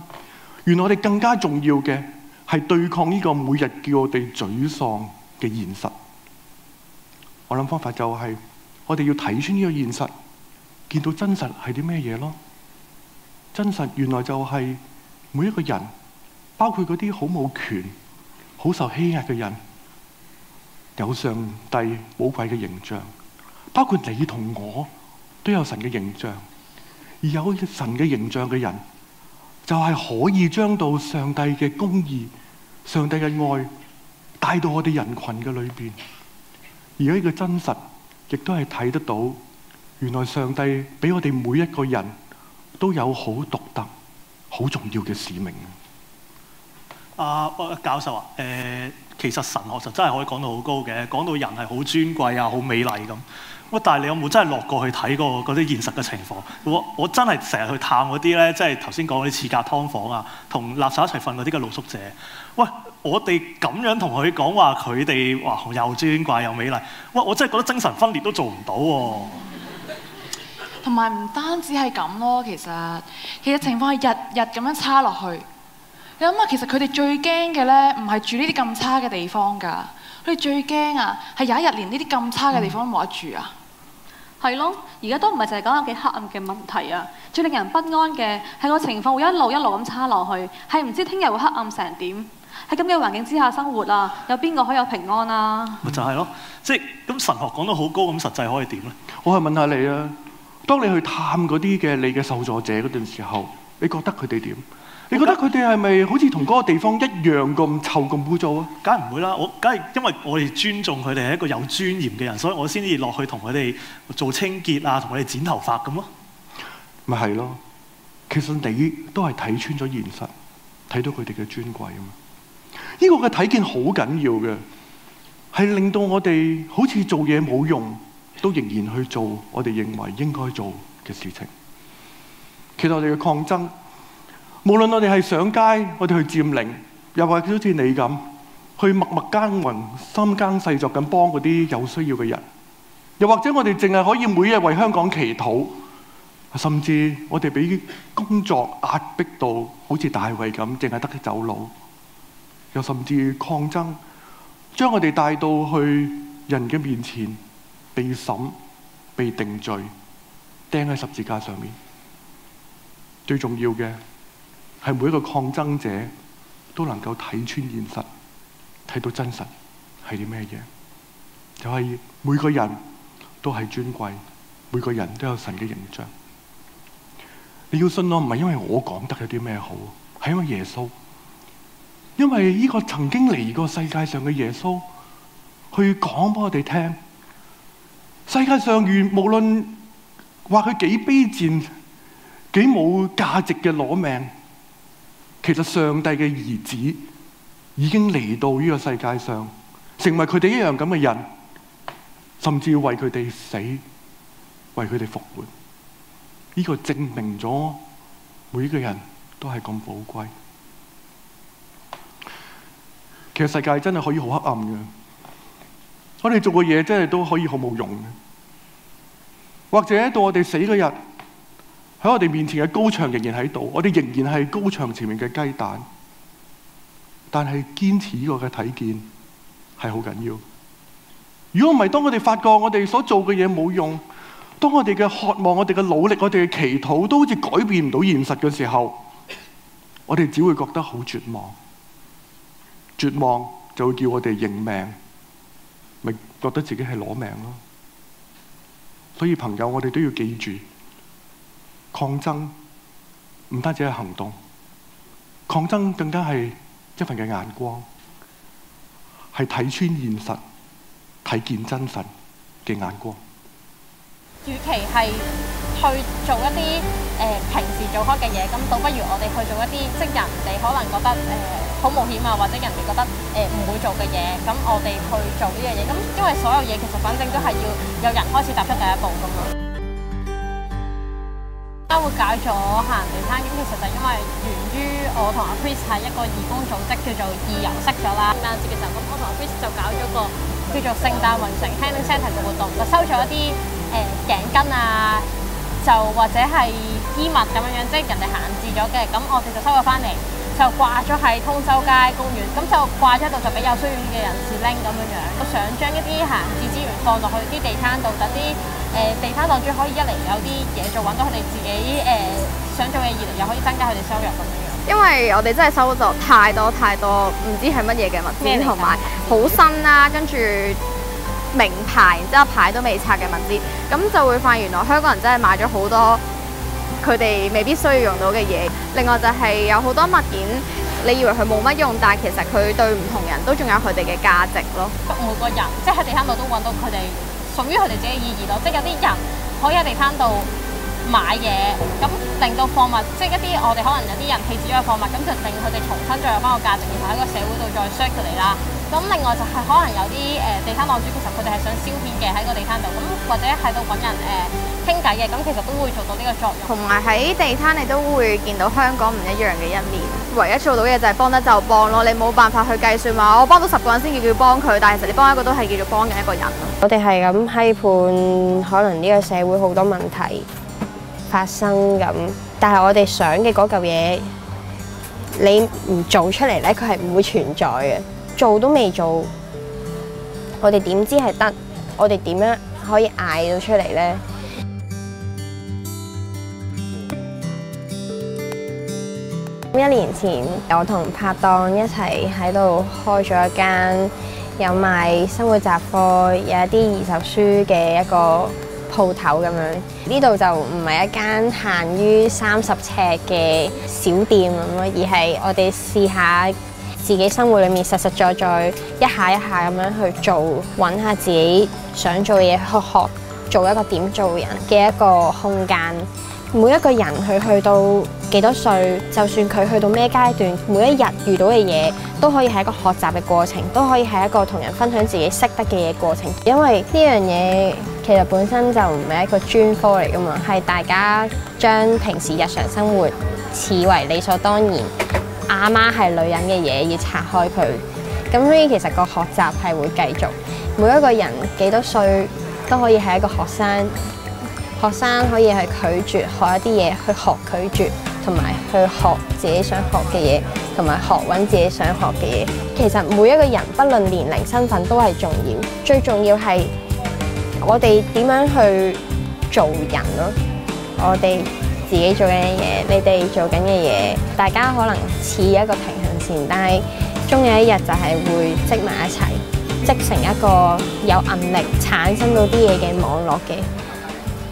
原來我哋更加重要嘅係對抗呢個每日叫我哋沮喪嘅現實，我諗方法就係我哋要睇穿呢個現實，見到真實係啲咩嘢咯？真實原來就係每一個人，包括嗰啲好冇權、好受欺壓嘅人，有上帝寶貴嘅形象，包括你同我都有神嘅形象，而有神嘅形象嘅人，就係、是、可以將到上帝嘅公義、上帝嘅愛。帶到我哋人群嘅裏邊，而家呢個真實亦都係睇得到，原來上帝俾我哋每一個人都有好獨特、好重要嘅使命啊！教授啊，誒、呃，其實神學就真係可以講到好高嘅，講到人係好尊貴啊、好美麗咁。喂，但係你有冇真係落過去睇過嗰啲現實嘅情況？我我真係成日去探嗰啲咧，即係頭先講嗰啲次格劏房啊，同垃圾一齊瞓嗰啲嘅露宿者，喂。我哋咁樣同佢講話，佢哋哇又尊貴又美麗。哇！我真係覺得精神分裂都做唔到喎、啊。同埋唔單止係咁咯，其實其實情況係日日咁樣差落去。你諗下，其實佢哋最驚嘅咧，唔係住呢啲咁差嘅地方㗎，佢哋最驚啊係有一日連呢啲咁差嘅地方都冇得住啊、嗯。係咯，而家都唔係淨係講緊幾黑暗嘅問題啊。最令人不安嘅係個情況會一路一路咁差落去，係唔知聽日會黑暗成點。喺咁嘅環境之下生活啊，有邊個可以有平安啊？咪就係咯，即係咁神學講得好高，咁實際可以點咧？我係問下你啊，當你去探嗰啲嘅你嘅受助者嗰段時候，你覺得佢哋點？你覺得佢哋係咪好似同嗰個地方一樣咁臭、咁污糟啊？梗係唔會啦，我梗係因為我哋尊重佢哋係一個有尊嚴嘅人，所以我先至落去同佢哋做清潔啊，同佢哋剪頭髮咁咯。咪係咯，其實你都係睇穿咗現實，睇到佢哋嘅尊貴啊嘛。呢、這個嘅體驗好緊要嘅，係令到我哋好似做嘢冇用，都仍然去做我哋認為應該做嘅事情。其實我哋嘅抗爭，無論我哋係上街，我哋去佔領，又或者好似你咁，去默默耕耘、心耕細作，咁幫嗰啲有需要嘅人；又或者我哋淨係可以每日為香港祈禱，甚至我哋俾工作壓迫到好似大衞咁，淨係得走佬。又甚至抗爭，將我哋帶到去人嘅面前，被審、被定罪、釘喺十字架上面。最重要嘅係每一個抗爭者都能夠睇穿現實，睇到真實係啲咩嘢，就係每個人都係尊貴，每個人都有神嘅形象。你要信我，唔係因為我講得有啲咩好，係因為耶穌。因為呢個曾經嚟過世界上嘅耶穌，去講俾我哋聽，世界上如無論話佢幾卑賤、幾冇價值嘅攞命，其實上帝嘅兒子已經嚟到呢個世界上，成為佢哋一樣咁嘅人，甚至要為佢哋死，為佢哋復活。呢個證明咗每個人都係咁寶貴。其實世界真係可以好黑暗嘅，我哋做嘅嘢真係都可以好冇用嘅，或者到我哋死嗰日，喺我哋面前嘅高牆仍然喺度，我哋仍然係高牆前面嘅雞蛋，但係堅持呢個嘅體見係好緊要。如果唔係，當我哋發覺我哋所做嘅嘢冇用，當我哋嘅渴望、我哋嘅努力、我哋嘅祈禱都好似改變唔到現實嘅時候，我哋只會覺得好絕望。絕望就會叫我哋認命，咪覺得自己係裸命咯。所以朋友，我哋都要記住抗爭，唔單止係行動，抗爭更加係一份嘅眼光，係睇穿現實、睇見真實嘅眼光。與其係去做一啲誒、呃、平時做開嘅嘢，咁倒不如我哋去做一啲即人哋可能覺得誒。呃好冒險啊，或者人哋覺得誒唔、呃、會做嘅嘢，咁我哋去做呢樣嘢。咁因為所有嘢其實反正都係要有人開始踏出第一步咁啊。家會搞咗行人地攤，咁其實就是因為源於我同阿 Chris 喺一個義工組織叫做義遊識咗啦。聖誕節嘅時候，咁我同阿 Chris 就搞咗個叫做聖誕運城 Handling Center 嘅活動，就收咗一啲誒頸巾啊，就或者係衣物咁樣樣，即係人哋閒置咗嘅，咁我哋就收咗返嚟。就掛咗喺通州街公園，咁就掛喺度就俾有需要嘅人士拎咁樣樣。我想將一啲閒置資源放落去啲地攤度，等啲誒地攤檔主可以一嚟有啲嘢做，揾到佢哋自己誒、呃、想做嘅嘢，二嚟又可以增加佢哋收入咁樣。因為我哋真係收咗太多太多，唔知係乜嘢嘅物資，同埋好新啦、啊，跟住名牌，然之後牌都未拆嘅物資，咁就會發現，原來香港人真係買咗好多。佢哋未必需要用到嘅嘢，另外就係有好多物件，你以為佢冇乜用，但係其實佢對唔同人都仲有佢哋嘅價值咯。不，每個人即係喺地攤度都揾到佢哋屬於佢哋自己嘅意義咯。即係有啲人可以喺地攤度。買嘢咁令到貨物，即係一啲我哋可能有啲人棄置咗嘅貨物，咁就令佢哋重新再有返個價值，然後喺個社會度再 search 嚟啦。咁另外就係可能有啲誒地攤檔主，其實佢哋係想消遣嘅喺個地攤度，咁或者喺度揾人誒傾偈嘅，咁、呃、其實都會做到呢個作用。同埋喺地攤你都會見到香港唔一樣嘅一面。唯一做到嘅就係幫得就幫咯，你冇辦法去計算話我幫到十個人先叫叫幫佢，但係其實你幫一個都係叫做幫緊一個人。我哋係咁批判可能呢個社會好多問題發生咁，但係我哋想嘅嗰嚿嘢，你唔做出嚟呢，佢係唔會存在嘅。做都未做，我哋點知係得？我哋點樣可以嗌到出嚟呢？ 一年前，我同拍檔一齊喺度開咗一間有賣生活雜貨，有一啲二手書嘅一個。鋪頭咁樣，呢度就唔係一間限於三十尺嘅小店咁咯，而係我哋試下自己生活裏面實實在在一下一下咁樣去做，揾下自己想做嘢，學學做一個點做人嘅一個空間。每一個人去去到幾多歲，就算佢去到咩階段，每一日遇到嘅嘢都可以係一個學習嘅過程，都可以係一個同人分享自己識得嘅嘢嘅過程。因為呢樣嘢其實本身就唔係一個專科嚟噶嘛，係大家將平時日常生活視為理所當然，阿媽係女人嘅嘢要拆開佢，咁所以其實個學習係會繼續。每一個人幾多歲都可以係一個學生，學生可以係拒絕學一啲嘢，去學拒絕。同埋去學自己想學嘅嘢，同埋學揾自己想學嘅嘢。其實每一個人不論年齡、身份都係重要。最重要係我哋點樣去做人咯。我哋自己做緊嘅嘢，你哋做緊嘅嘢，大家可能似一個平行線，但係終有一日就係會積埋一齊，積成一個有韌力、產生到啲嘢嘅網絡嘅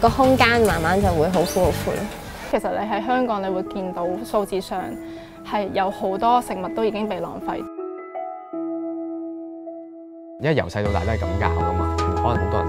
個空間，慢慢就會好闊好闊。其實你喺香港，你會見到數字上係有好多食物都已經被浪費。因為由細到大都係咁教噶嘛，可能好多人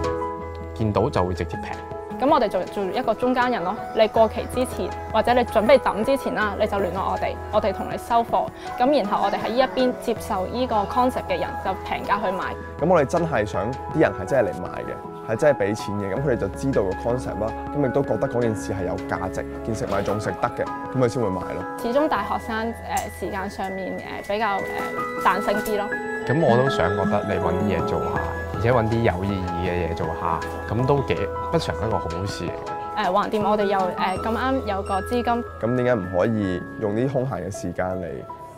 見到就會直接平。咁我哋做做一個中間人咯，你過期之前或者你準備抌之前啦，你就聯絡我哋，我哋同你收貨。咁然後我哋喺呢一邊接受呢個 concept 嘅人，就平價去買那。咁我哋真係想啲人係真係嚟買嘅。係真係俾錢嘅，咁佢哋就知道個 concept 啦，咁亦都覺得嗰件事係有價值，見食物仲食得嘅，咁佢先會買咯。始終大學生誒、呃、時間上面誒、呃、比較誒、呃、彈性啲咯。咁我都想覺得你揾啲嘢做下，而且揾啲有意義嘅嘢做下，咁都幾不常係一個好事。誒橫掂，我哋又誒咁啱有個資金。咁點解唔可以用啲空閒嘅時間嚟？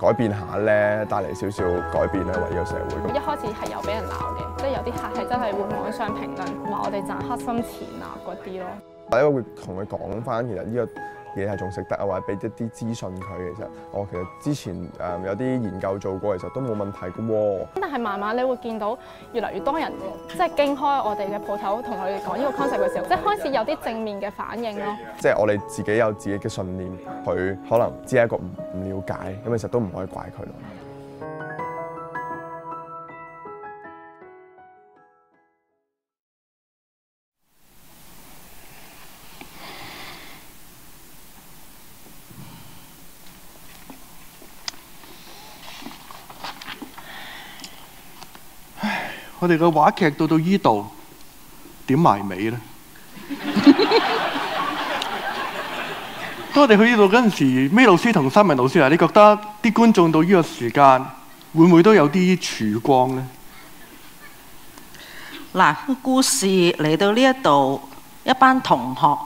改變下咧，帶嚟少少改變咧，為咗社會。一開始係有俾人鬧嘅，即係有啲客係真係會網上評論話我哋賺黑心錢嗱嗰啲咯。我會同佢講翻，其實呢、這個嘢係仲食得啊，或者俾一啲資訊佢其實，我其實之前誒有啲研究做過，其實都冇問題㗎喎。咁但係慢慢你會見到越嚟越多人即係經開我哋嘅鋪頭，同佢哋講呢個 concept 嘅時候，即係開始有啲正面嘅反應咯。即係我哋自己有自己嘅信念，佢可能只係一個唔唔了解，咁其實都唔可以怪佢咯。我哋嘅話劇到到呢度，點埋尾呢？當我哋去呢度嗰陣時候，咩老師同 Simon 老師啊？你覺得啲觀眾到呢個時間，會唔會都有啲曙光呢？嗱， 個故事嚟到呢一度，一班同學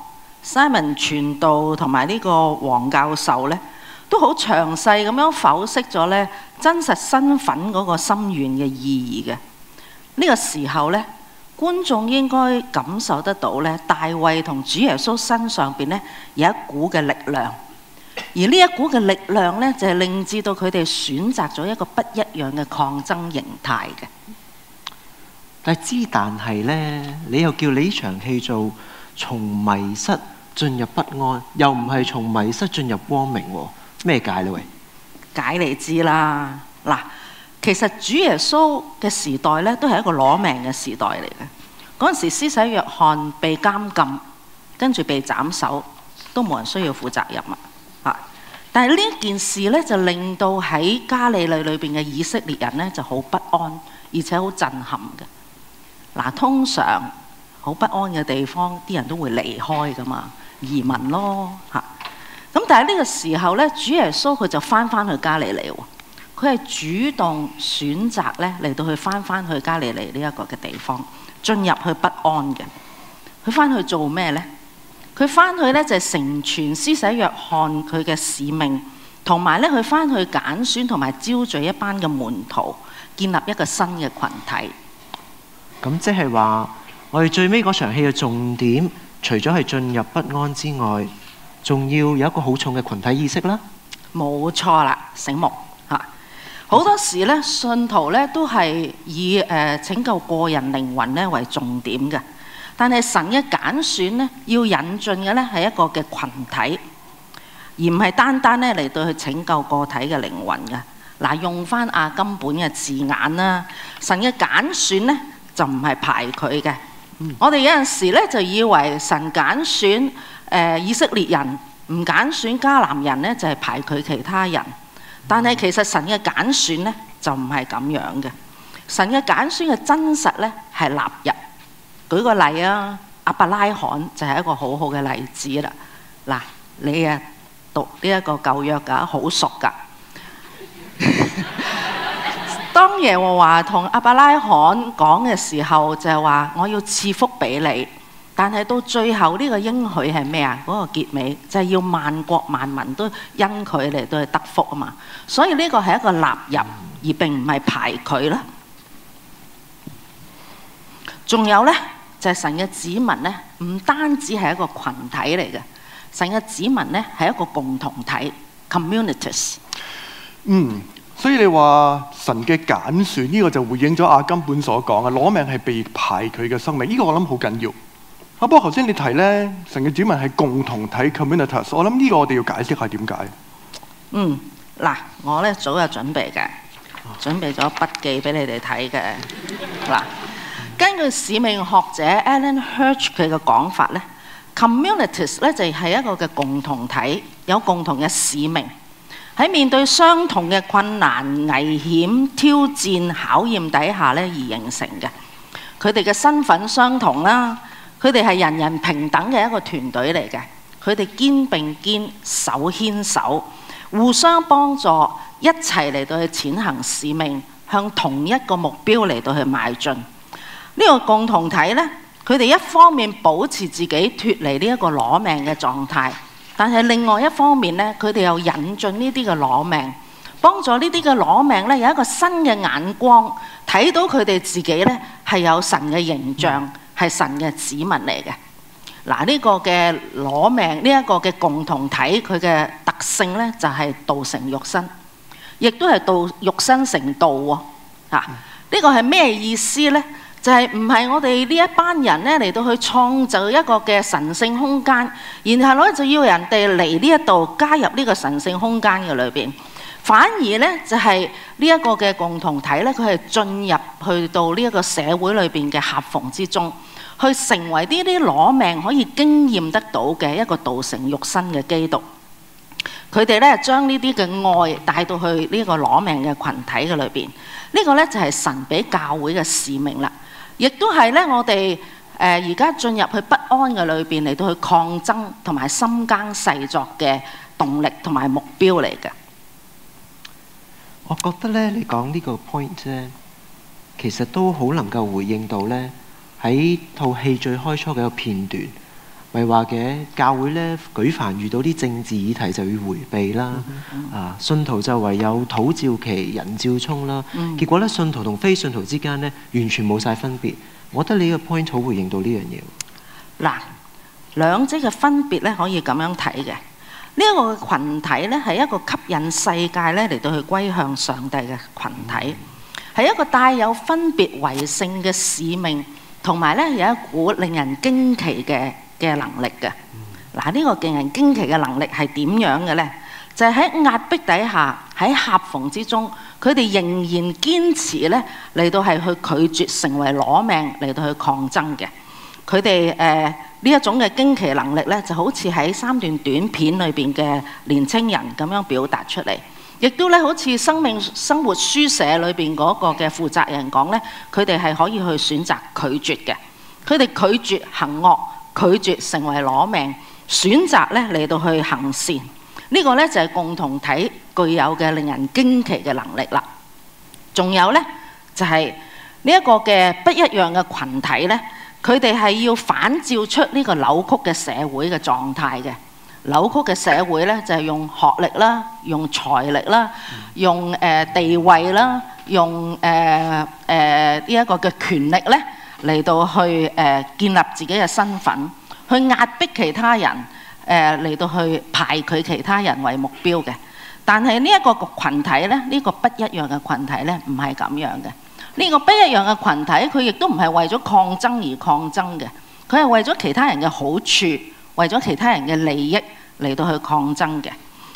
Simon 傳道同埋呢個黃教授呢，都好詳細咁樣剖析咗呢真實身份嗰個心願嘅意義嘅。呢個時候呢，觀眾應該感受得到呢大衛同主耶穌身上邊呢有一股嘅力量，而呢一股嘅力量呢，就係令至到佢哋選擇咗一個不一樣嘅抗爭形態嘅。但係知，但係呢，你又叫呢場戲做從迷失進入不安，又唔係從迷失進入光明喎？咩解呢？喂，解你知啦，嗱。其實主耶穌嘅時代咧，都係一個攞命嘅時代嚟嘅。嗰陣時，施洗約翰被監禁，跟住被斬首，都冇人需要負責任啊！吓，但係呢件事咧，就令到喺加利利裏邊嘅以色列人咧，就好不安，而且好震撼嘅。嗱、啊，通常好不安嘅地方，啲人都會離開噶嘛，移民咯，吓、啊。咁但係呢個時候咧，主耶穌佢就翻翻去加利利。佢係主動選擇咧嚟到去翻翻去加利利呢一個嘅地方，進入去不安嘅。佢翻去做咩呢？佢翻去咧就係成全施洗約翰佢嘅使命，同埋咧佢翻去揀選同埋招聚一班嘅門徒，建立一個新嘅群體。咁即係話，我哋最尾嗰場戲嘅重點，除咗係進入不安之外，仲要有一個好重嘅群體意識啦。冇錯啦，醒目。好多時咧，信徒咧都係以誒、呃、拯救個人靈魂咧為重點嘅。但係神嘅揀選咧，要引進嘅咧係一個嘅群體，而唔係單單咧嚟到去拯救個體嘅靈魂嘅。嗱，用返阿甘本嘅字眼啦，神嘅揀選咧就唔係排他嘅，嗯。我哋有陣時咧就以為神揀選誒、呃、以色列人唔揀選迦南人咧，就係、是、排他其他人。但係其實神嘅揀選呢，就唔係咁樣嘅，神嘅揀選嘅真實呢，係納入。舉個例啊，亞伯拉罕就係一個很好好嘅例子啦。嗱，你啊讀呢一個舊約㗎，好熟㗎。 當耶和華同亞伯拉罕講嘅時候，就係、是、話我要賜福俾你。但係到最後呢個應許係咩啊？嗰個結尾就係要萬國萬民都因佢嚟都係得福啊嘛！所以呢個係一個納入，而並唔係排佢啦。仲有咧，就係神嘅子民咧，唔單止係一個羣體嚟嘅，神嘅子民咧係一個共同體 （communities）。嗯，所以你話神嘅揀選呢個就回應咗阿根本所講嘅，裸命係被排佢嘅生命，呢個我諗好緊要。啊！不過頭先你提呢，成嘅主文係共同體 communitas 我諗呢個我哋要解釋下點解。嗯，嗱，我呢早就準備嘅，準備咗筆記俾你哋睇嘅。嗱、 嗯，根據使命學者 Alan Hirsch 佢嘅講法呢、嗯、communitas 呢就係一個嘅共同體，有共同嘅使命，喺面對相同嘅困難、危險、挑戰、考驗底下呢而形成嘅。佢哋嘅身份相同啦。佢哋係人人平等嘅一個團隊嚟嘅，佢哋肩並肩、手牽手，互相幫助，一齊嚟到去踐行使命，向同一個目標嚟到去邁進。呢個共同體呢，佢哋一方面保持自己脱離呢一個裸命嘅狀態，但係另外一方面呢，佢哋又引進呢啲嘅裸命，幫助呢啲嘅裸命呢，有一個新嘅眼光，睇到佢哋自己呢係有神嘅形象。嗯係神嘅子民嚟嘅，嗱、這、呢個嘅裸命呢一、這個嘅共同體，佢嘅特性呢，就係道成肉身，亦都係道肉身成道喎。呢、嗯這個係咩意思呢？就係唔係我哋呢一班人呢嚟到去創造一個嘅神聖空間，然後咧就要人哋嚟呢一度加入呢個神聖空間嘅裏邊，反而呢，就係呢一個嘅共同體呢，佢係進入去到呢一個社會裏邊嘅狹縫之中。去成為呢啲裸命可以經驗得到嘅一個道成肉身嘅基督，佢哋咧將呢啲嘅愛帶到去呢個裸命嘅羣體嘅裏邊，呢個咧就係神俾教會嘅使命啦，亦都係咧我哋誒而家進入去不安嘅裏邊嚟到去抗爭同埋深耕細作嘅動力同埋目標嚟嘅。我覺得咧，你講呢個 point 啫，其實都好能夠回應到咧。喺套戲最開初嘅一個片段，咪話嘅教會咧舉凡遇到啲政治議題就要回避啦，嗯嗯，啊信徒就唯有土照其人照冲啦，嗯，結果咧信徒同非信徒之間咧完全冇晒分別。我覺得你嘅 point 好回應到呢樣嘢。嗱，兩者嘅分別咧可以咁樣睇嘅，呢、這、一個群體咧係一個吸引世界咧嚟到去歸向上帝嘅群體，係、嗯、一個帶有分別為聖嘅使命。同埋咧有一股令人驚奇嘅嘅能力嘅嗱，呢、嗯這個令人驚奇嘅能力係點樣嘅咧？就係喺壓迫底下，喺狹縫之中，佢哋仍然堅持咧嚟到係去拒絕成為裸命嚟到去抗爭嘅。佢哋誒呢一種嘅驚奇能力咧，就好似喺三段短片裏邊嘅年青人咁樣表達出嚟。亦都咧，好似生命生活書社裏邊嗰個嘅負責人講咧，佢哋係可以去選擇拒絕嘅，佢哋拒絕行惡，拒絕成為裸命，選擇咧嚟到去行善。呢個咧就係共同體具有嘅令人驚奇嘅能力啦。仲有咧就係呢一個嘅不一樣嘅羣體咧，佢哋係要反照出呢個扭曲嘅社會嘅狀態嘅。扭曲嘅社會呢，就係、是、用學歷啦，用財力啦，用誒、呃、地位啦，用誒誒呢一個嘅權力呢，嚟到去誒、呃、建立自己嘅身份，去壓迫其他人，誒、呃、嚟到去排佢其他人為目標嘅。但係呢一個群羣體呢，呢、這個不一樣嘅群體呢，唔係咁樣嘅。呢、這個不一樣嘅群體，佢亦都唔係為咗抗爭而抗爭嘅，佢係為咗其他人嘅好處。為咗其他人嘅利益嚟到去抗爭嘅，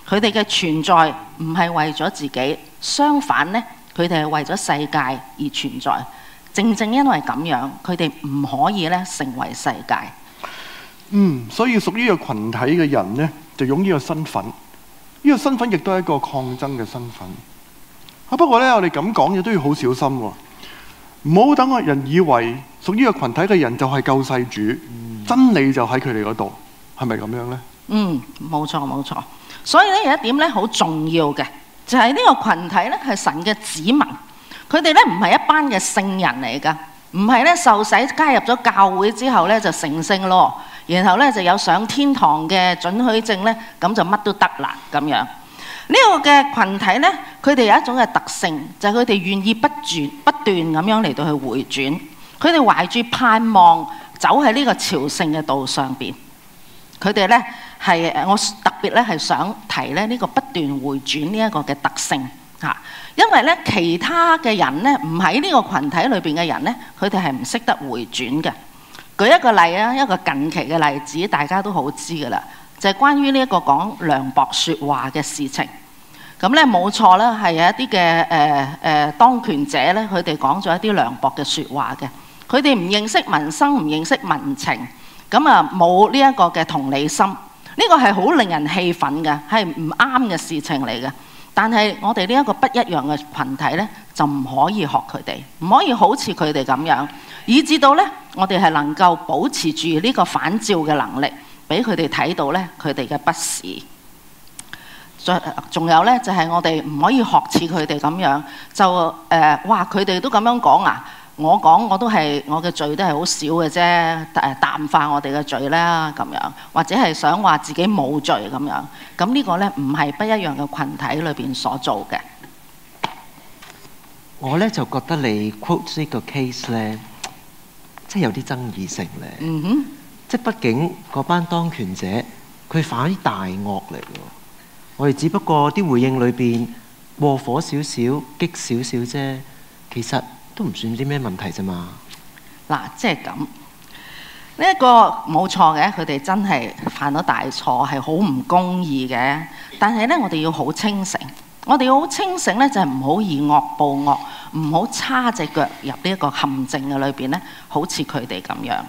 佢哋嘅存在唔係為咗自己，相反呢，佢哋係為咗世界而存在。正正因為咁樣，佢哋唔可以呢成為世界。嗯，所以屬於個群體嘅人呢，就用呢個身份。呢個身份亦都係一個抗爭嘅身份。啊，不過呢，我哋咁講嘢都要好小心喎，唔好等我人以為屬於個群體嘅人就係救世主，嗯、真理就喺佢哋嗰度。係咪咁樣呢？嗯，冇錯冇錯，所以咧有一點咧好重要嘅，就係呢個群體咧係神嘅子民，佢哋咧唔係一班嘅聖人嚟㗎，唔係咧受洗加入咗教會之後咧就成聖咯，然後咧就有上天堂嘅准許證咧，咁就乜都得啦咁樣。呢個嘅群體咧，佢哋有一種嘅特性，就係佢哋願意不轉不斷咁樣嚟到去回轉，佢哋懷住盼望走喺呢個朝聖嘅道上邊。佢哋咧係誒，我特別咧係想提咧呢個不斷回轉呢一個嘅特性吓，因為咧其他嘅人咧唔喺呢個羣體裏邊嘅人咧，佢哋係唔識得回轉嘅。舉一個例啊，一個近期嘅例子，大家都好知㗎喇，就係關於呢一個講涼薄説話嘅事情。咁咧冇錯啦，係有一啲嘅誒誒當權者咧，佢哋講咗一啲涼薄嘅説話嘅，佢哋唔認識民生，唔認識民情。咁啊，冇呢一個嘅同理心，呢個係好令人氣憤嘅，係唔啱嘅事情嚟嘅。但係我哋呢一個不一樣嘅群體呢，就唔可以學佢哋，唔可以好似佢哋咁樣，以至到呢，我哋係能夠保持住呢個反照嘅能力，俾佢哋睇到呢，佢哋嘅不是。仲有呢，就係我哋唔可以學似佢哋咁樣，就嘩、呃，哇！佢哋都咁樣講啊。我講我都係我嘅罪都係好少嘅啫，誒淡化我哋嘅罪啦咁樣，或者係想話自己冇罪咁樣。咁呢個呢，唔係不一樣嘅群體裏邊所做嘅。我呢，就覺得你 quote 呢個 case 呢，即係有啲爭議性呢。嗯哼，即係畢竟嗰班當權者佢反大惡嚟㗎，我哋只不過啲回應裏邊過火少少、激少少啫，其實。都唔算啲咩問題啫嘛。嗱，即係咁，呢、這、一個冇錯嘅，佢哋真係犯咗大錯，係好唔公義嘅。但係呢，我哋要好清醒，我哋要好清醒呢，就係唔好以惡報惡，唔好叉隻腳入呢一個陷阱嘅裏邊呢，好似佢哋咁樣、嗯。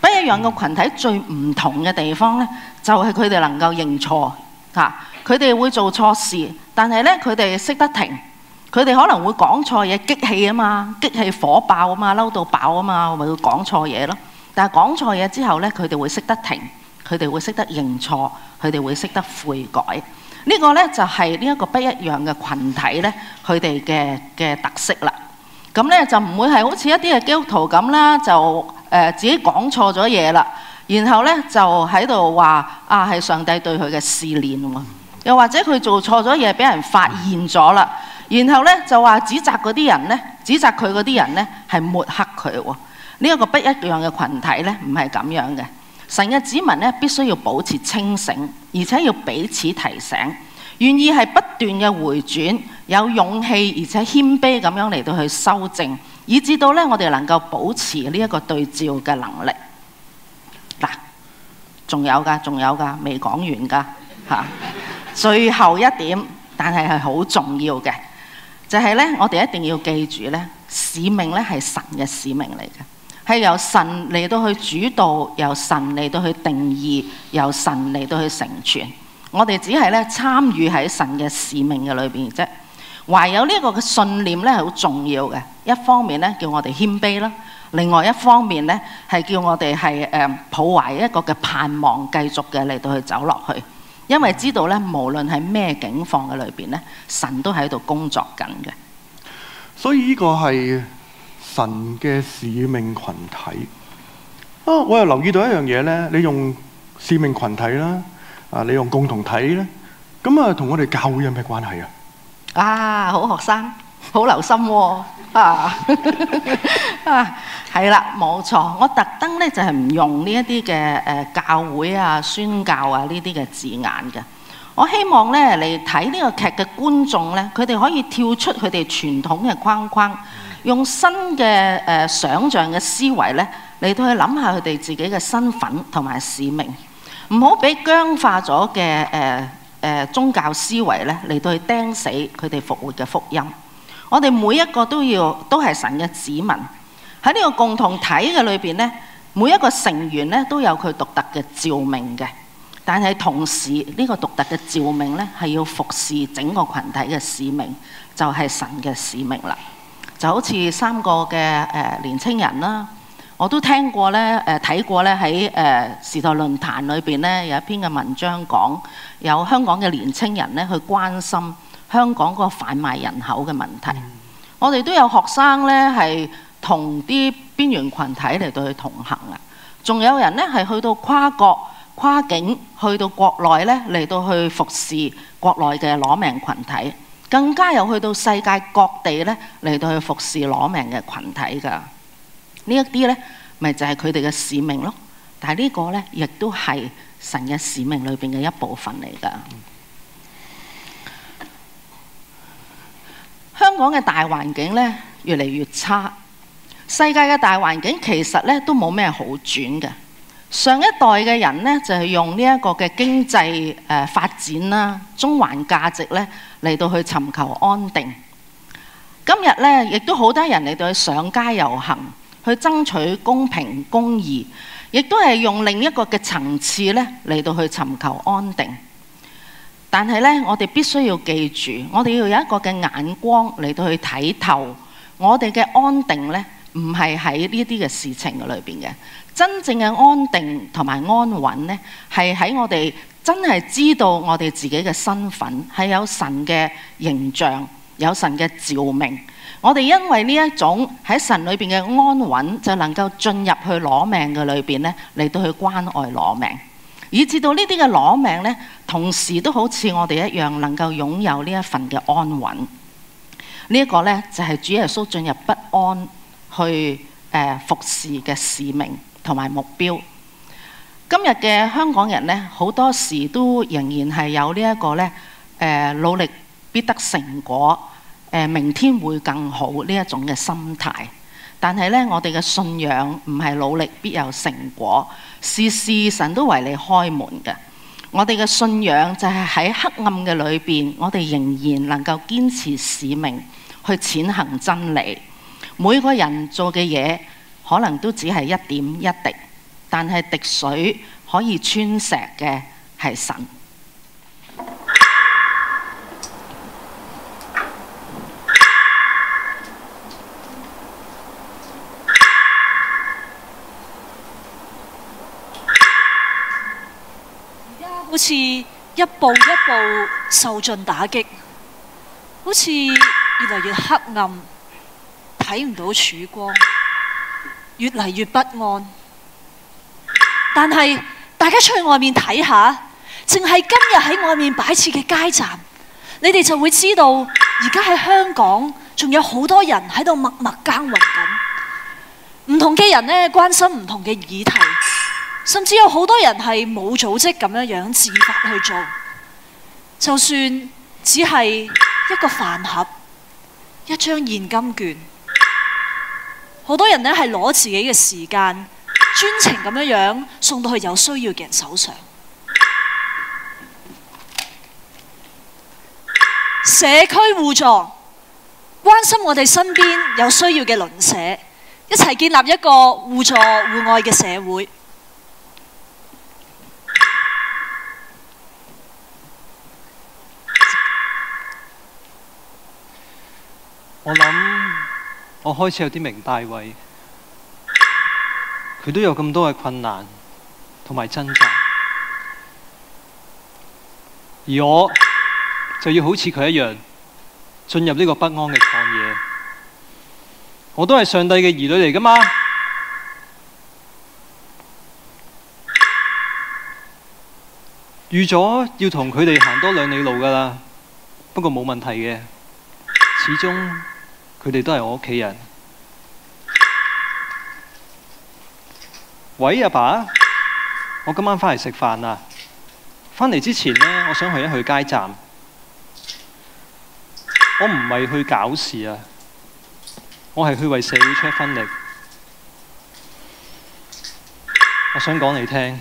不一樣嘅群體最唔同嘅地方呢，就係佢哋能夠認錯吓，佢、啊、哋會做錯事，但係呢，佢哋識得停。佢哋可能會講錯嘢激氣啊嘛，激氣火爆啊嘛，嬲到爆啊嘛，咪會講錯嘢咯。但係講錯嘢之後呢，佢哋會識得停，佢哋會識得認錯，佢哋會識得悔改。呢、這個呢，就係呢一個不一樣嘅群體呢，佢哋嘅嘅特色啦。咁呢，就唔會係好似一啲嘅基督徒咁啦，就誒、呃、自己講錯咗嘢啦，然後呢，就喺度話啊係上帝對佢嘅試煉喎，又或者佢做錯咗嘢，俾人發現咗啦。然後咧就話指責嗰啲人呢，指責佢嗰啲人呢，係抹黑佢喎。呢一個不一樣嘅群體呢，唔係咁樣嘅。神嘅子民呢，必須要保持清醒，而且要彼此提醒，願意係不斷嘅回轉，有勇氣而且謙卑咁樣嚟到去修正，以至到呢，我哋能夠保持呢一個對照嘅能力。嗱，仲有噶，仲有噶，未講完噶嚇。最後一點，但係係好重要嘅。就係咧，我哋一定要記住咧，使命咧係神嘅使命嚟嘅，係由神嚟到去主導，由神嚟到去定義，由神嚟到去成全。我哋只係咧參與喺神嘅使命嘅裏邊啫。懷有呢個嘅信念咧，係好重要嘅。一方面咧，叫我哋謙卑啦；另外一方面咧，係叫我哋係誒抱懷一個嘅盼望，繼續嘅嚟到去走落去。因為知道咧，無論係咩境況嘅裏邊咧，神都喺度工作緊嘅。所以呢個係神嘅使命羣體。啊，我又留意到一樣嘢咧，你用使命羣體啦，啊，你用共同體咧，咁啊，同我哋教會有咩關係啊？啊，好學生，好留心喎。啊啊，係 啦、啊，冇錯。我特登咧就係、係、唔用呢一啲嘅誒教會啊、宣教啊呢啲嘅字眼嘅。我希望咧嚟睇呢個劇嘅觀眾咧，佢哋可以跳出佢哋傳統嘅框框，用新嘅誒、呃、想像嘅思維咧嚟到去諗下佢哋自己嘅身份同埋使命，唔好俾僵化咗嘅誒誒宗教思維咧嚟到去釘死佢哋復活嘅福音。我哋每一個都要都係神嘅子民，喺呢個共同體嘅裏邊呢，每一個成員呢都有佢獨特嘅召命嘅，但係同時呢、呢個獨特嘅召命呢，係要服侍整個群體嘅使命，就係、是、神嘅使命啦。就好似三個嘅誒、呃、年青人啦，我都聽過呢，誒、呃、睇過呢，喺、呃、誒時代論壇裏邊呢，有一篇嘅文章講，有香港嘅年青人呢去關心。香港個販賣人口嘅問題，嗯、我哋都有學生呢係同啲邊緣群體嚟到去同行啊。仲有人呢係去到跨國、跨境，去到國內呢嚟到去服侍國內嘅攞命群體，更加有去到世界各地呢嚟到去服侍攞命嘅群體㗎。呢一啲呢咪就係佢哋嘅使命咯。但係呢個呢，亦都係神嘅使命裏邊嘅一部分嚟㗎。嗯香港嘅大環境咧越嚟越差，世界嘅大環境其實咧都冇咩好轉嘅。上一代嘅人咧就係用呢一個嘅經濟誒、呃、發展啦，中環價值咧嚟到去尋求安定。今日咧亦都好多人嚟到去上街遊行，去爭取公平公義，亦都係用另一個嘅層次咧嚟到去尋求安定。但係咧，我哋必須要記住，我哋要有一個嘅眼光嚟到去睇透我哋嘅安定呢，唔係喺呢啲嘅事情嘅裏邊嘅。真正嘅安定同埋安穩呢，係喺我哋真係知道我哋自己嘅身份，係有神嘅形象，有神嘅召命。我哋因為呢一種喺神裏邊嘅安穩，就能夠進入去裸命嘅裏邊呢，嚟到去關愛裸命。以至到呢啲嘅裸命呢，同時都好似我哋一樣能夠擁有呢一份嘅安穩。呢、這、一個呢，就係、是、主耶穌進入不安去誒、呃、服侍嘅使命同埋目標。今日嘅香港人呢，好多時都仍然係有呢一個呢誒、呃、努力必得成果誒、呃、明天會更好呢一種嘅心態。但係呢，我哋嘅信仰唔係努力必有成果。事事神都為你開門嘅，我哋嘅信仰就係喺黑暗嘅裏邊，我哋仍然能夠堅持使命，去踐行真理。每個人做嘅嘢可能都只係一點一滴，但係滴水可以穿石嘅係神。好似一步一步受盡打擊，好似越嚟越黑暗，睇唔到曙光，越嚟越不安。但係大家出去外面睇下，淨係今日喺外面擺設嘅街站，你哋就會知道而家喺香港仲有好多人喺度默默耕耘緊。唔同嘅人呢，關心唔同嘅議題。甚至有好多人係冇組織咁樣自發去做，就算只係一個飯盒、一張現金券，好多人呢係攞自己嘅時間專程咁樣樣送到去有需要嘅人手上。社區互助，關心我哋身邊有需要嘅鄰舍，一齊建立一個互助互愛嘅社會。我諗，我開始有啲明大位，佢都有咁多嘅困難同埋掙扎，而我就要好似佢一樣，進入呢個不安嘅曠野。我都係上帝嘅兒女嚟噶嘛，預咗要同佢哋行多兩里路噶啦，不過冇問題嘅，始終。佢哋都係我屋企人。喂，阿爸，爸，我今晚翻嚟食飯啦。翻嚟之前呢，我想去一去街站。我唔係去搞事啊，我係去為社會出一分力。我想講你聽。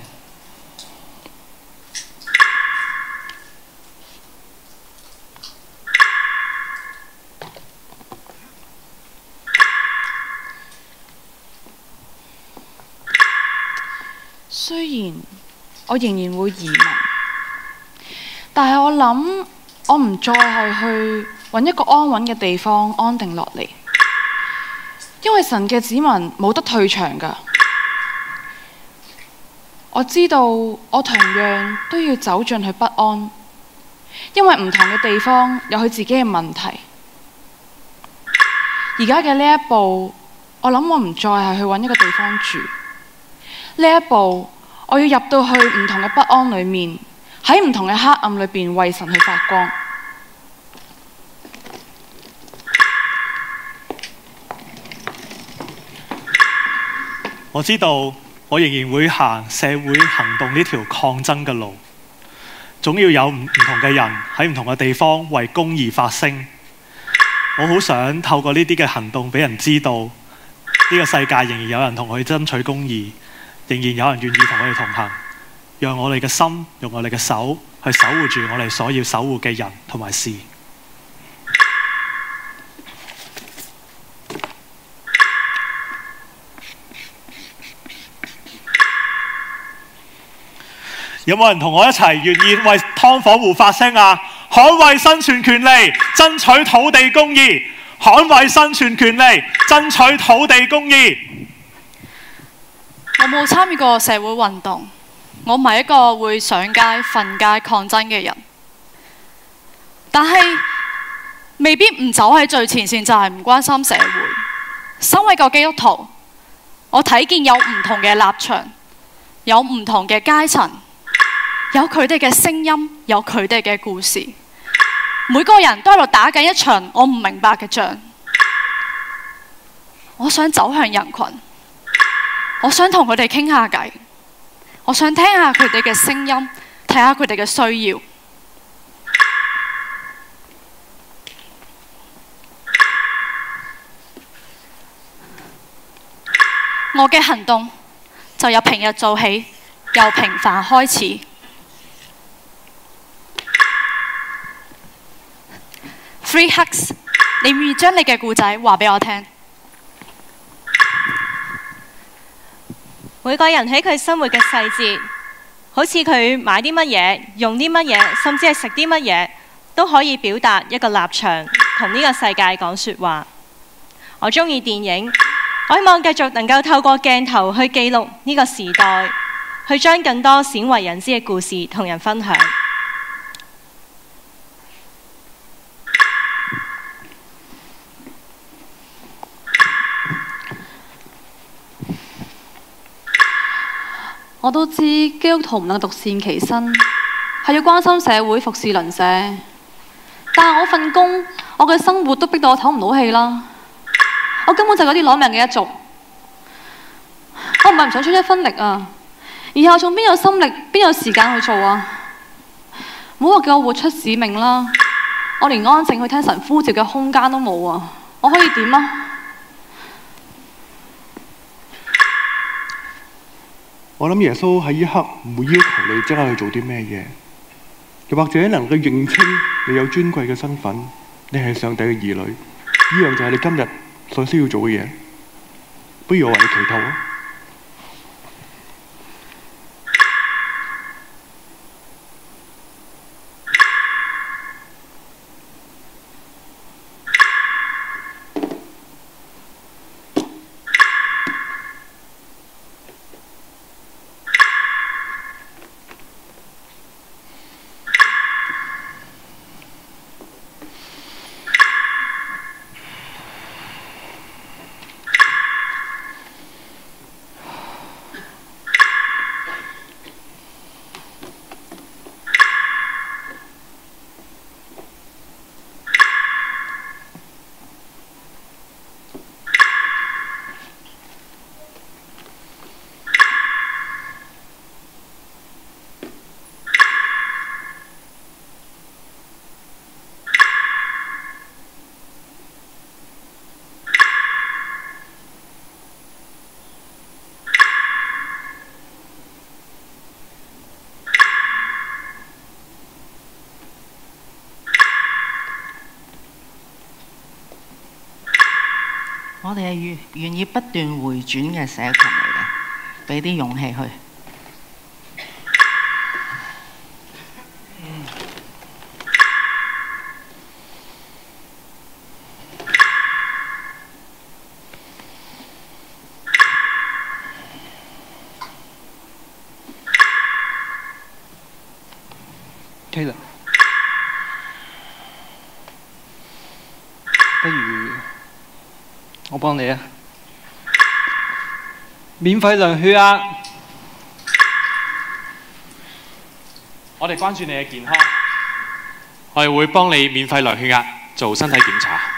雖然我仍然會移民，但係我諗我唔再係去搵一個安穩嘅地方安定落嚟，因為神嘅子民冇得退場㗎。我知道我同樣都要走進去不安，因為唔同嘅地方有佢自己嘅問題。而家嘅呢一步，我諗我唔再係去搵一個地方住呢一步。我要入到去唔同嘅不安裏面，喺唔同嘅黑暗裏邊為神去發光。我知道我仍然會行社會行動呢條抗爭嘅路，總要有唔唔同嘅人喺唔同嘅地方為公義發聲。我好想透過呢啲嘅行動俾人知道呢個世界仍然有人同我爭取公義。仍然有人願意同我哋同行，用我哋嘅心，用我哋嘅手去守護住我哋所要守護嘅人同埋事。 有冇人同我一齊願意為劏房戶發聲啊？捍衛生存權利，爭取土地公義；捍衛生存權利，爭取土地公義。我冇參與過社會運動，我唔係一個會上街、瞓街抗爭嘅人。但係未必唔走喺最前線，就係、是、唔關心社會。身為一個基督徒，我睇見有唔同嘅立場，有唔同嘅階層，有佢哋嘅聲音，有佢哋嘅故事。每個人都喺度打緊一場我唔明白嘅仗。我想走向人群。我想同佢哋傾下偈，我想聽下佢哋嘅聲音，睇下佢哋嘅需要。 我嘅行動就由平日做起，由平凡開始。Free hugs，你願意將你嘅故仔話俾我聽？每個人喺佢生活嘅細節，好似佢買啲乜嘢、用啲乜嘢，甚至係食啲乜嘢，都可以表達一個立場，同呢個世界講說話。我鍾意電影，我希望繼續能夠透過鏡頭去記錄呢個時代，去將更多鮮為人知嘅故事同人分享。我都知基督徒唔能獨善其身，係要關心社會、服侍鄰舍。但係我份工，我嘅生活都逼到我唞唔到氣啦。我根本就係嗰啲攞命嘅一族。我唔係唔想出一分力啊，而我仲邊有心力、邊有時間去做啊？唔好話叫我活出使命啦，啊，我連安靜去聽神呼召嘅空間都冇啊！我可以點啊？我諗，耶穌喺呢一刻唔會要求你即刻去做啲咩嘢，又或者能夠認清你有尊貴嘅身份，你係上帝嘅兒女，呢樣就係你今日所需要做嘅嘢。不如我為你祈禱啊！我哋係願願意不斷回轉嘅社群嚟嘅，俾啲勇氣去。幫你啊！免費量血壓，我哋關注你嘅健康，我哋會幫你免費量血壓，做身體檢查。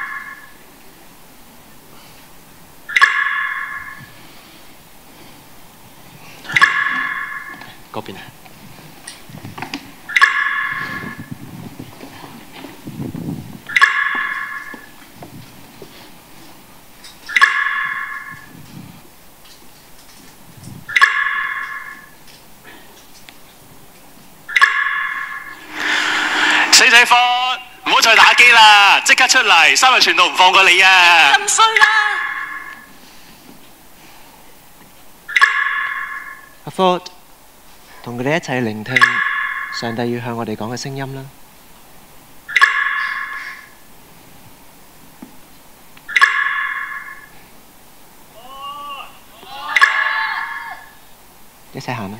出嚟，三日全都唔放過你啊！咁衰啦！阿福，同佢哋一齊聆聽上帝要向我哋講嘅聲音啦。一齊行啦！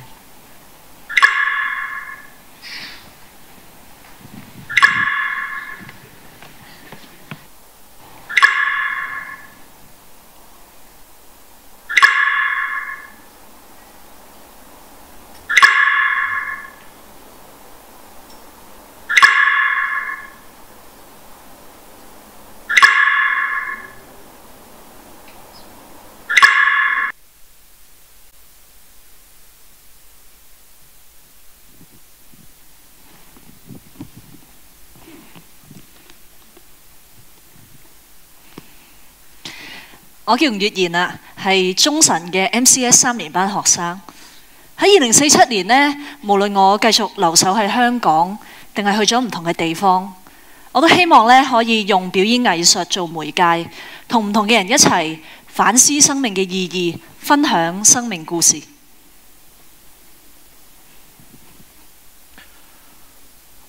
我叫吳月言啊，係中神嘅 MCS 三年班學生。喺二零四七年咧，無論我繼續留守喺香港，定係去咗唔同嘅地方，我都希望咧可以用表演藝術做媒介，同唔同嘅人一齊反思生命嘅意義，分享生命故事。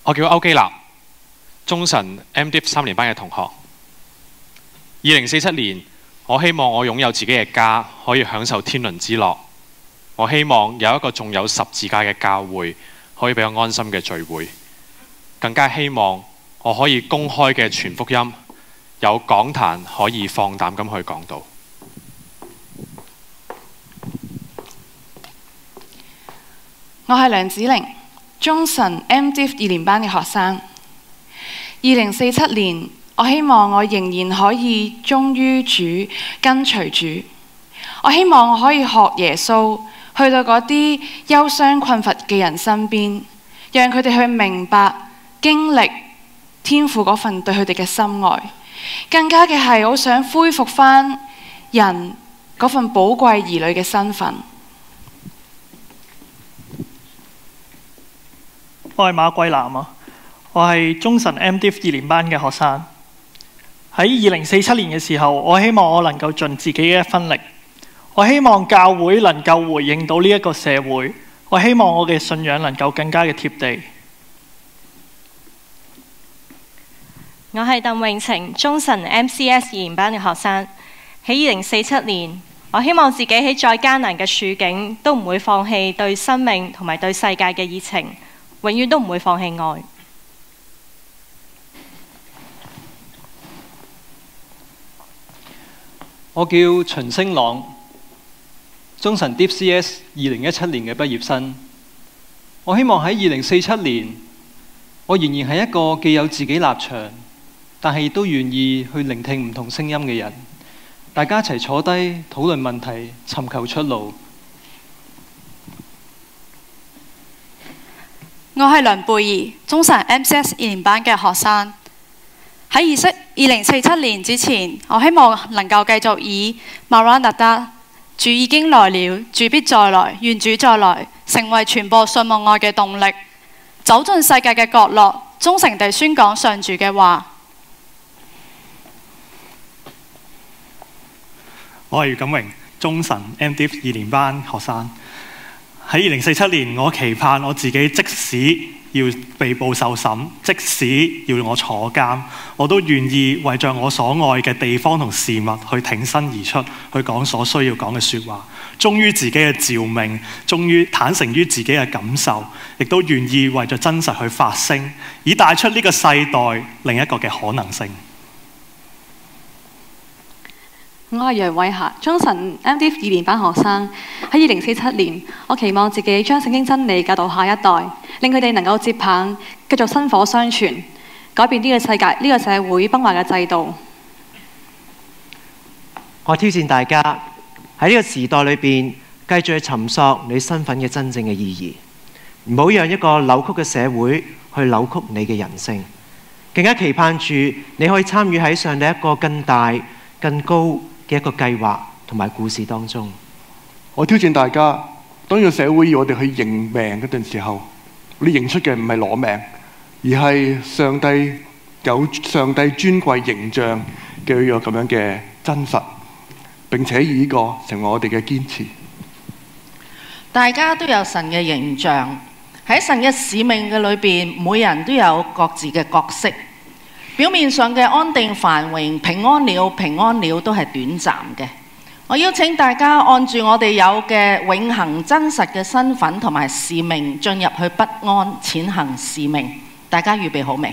我叫歐基立，中神 MD 三年班嘅同學。二零四七年。我希望我擁有自己嘅家，可以享受天倫之樂。我希望有一個仲有十字架嘅教會，可以畀我安心嘅聚會。更加希望我可以公開嘅傳福音，有講壇可以放膽咁去講道。我係梁子玲，中神 M Div 二年班嘅學生，二零四七年。我希望我仍然可以忠於主，跟隨主。我希望我可以學耶穌，去到嗰啲憂傷困乏嘅人身邊，讓佢哋去明白經歷天父嗰份對佢哋嘅深愛。更加嘅係，好想恢復翻人嗰份寶貴兒女嘅身份。我係馬桂南啊，我係中神 M D F 二年班嘅學生。喺二零四七年嘅時候，我希望我能夠盡自己嘅一分力，我希望教會能夠回應到呢一個社會，我希望我嘅信仰能夠更加嘅貼地。我係鄧永晴，中神 MCS 二年班嘅學生。喺二零四七年，我希望自己喺再艱難嘅處境都唔會放棄對生命同埋對世界嘅熱情，永遠都唔會放棄愛。我叫秦星朗，中神 Deep CS 二零一七年嘅畢業生。我希望喺二零四七年，我仍然係一個既有自己立場，但係亦都願意去聆聽唔同聲音嘅人。大家一齊坐低討論問題，尋求出路。我係梁貝兒，中神 MCS 二年班嘅學生。喺二零四七年之前，我希望能夠繼續以 Maranatha 主已經來了，主必再來，願主再來，成為傳播信望愛嘅動力，走進世界嘅角落，忠誠地宣講上主嘅話。我係余錦榮，中神 MDF 二年班學生。喺二零四七年，我期盼我自己即使要被捕受審，即使要我坐監，我都願意為着我所愛嘅地方同事物，去挺身而出，去講所需要講嘅說話，忠於自己嘅召命，忠於坦誠於自己嘅感受，亦都願意為着真實去發聲，以帶出呢個世代另一個嘅可能性。我係楊偉霞，中神 MDF 二年班學生。喺二零四七年，我期望自己將聖經真理教導下一代，令佢哋能夠接棒，繼續薪火相傳，改變呢個世界、呢個社會崩壞嘅制度。我挑戰大家喺呢個時代裏邊，繼續去尋索你身份嘅真正嘅意義，唔好讓一個扭曲嘅社會去扭曲你嘅人性。更加期盼住你可以參與喺上帝一個更大、更高。嘅一個計劃同埋故事當中，我挑戰大家：當個社會要我哋去認命嗰陣時候，你認出嘅唔係攞命，而係上帝有上帝尊貴形象嘅一個咁樣嘅真實，並且以呢個成為我哋嘅堅持。大家都有神嘅形象，喺神嘅使命嘅裏邊，每人都有各自嘅角色。表面上嘅安定繁榮，平安了，平安了，都係短暫嘅。我邀請大家按住我哋有嘅永恒真實嘅身份同埋使命，進入去不安，踐行使命。大家預備好未？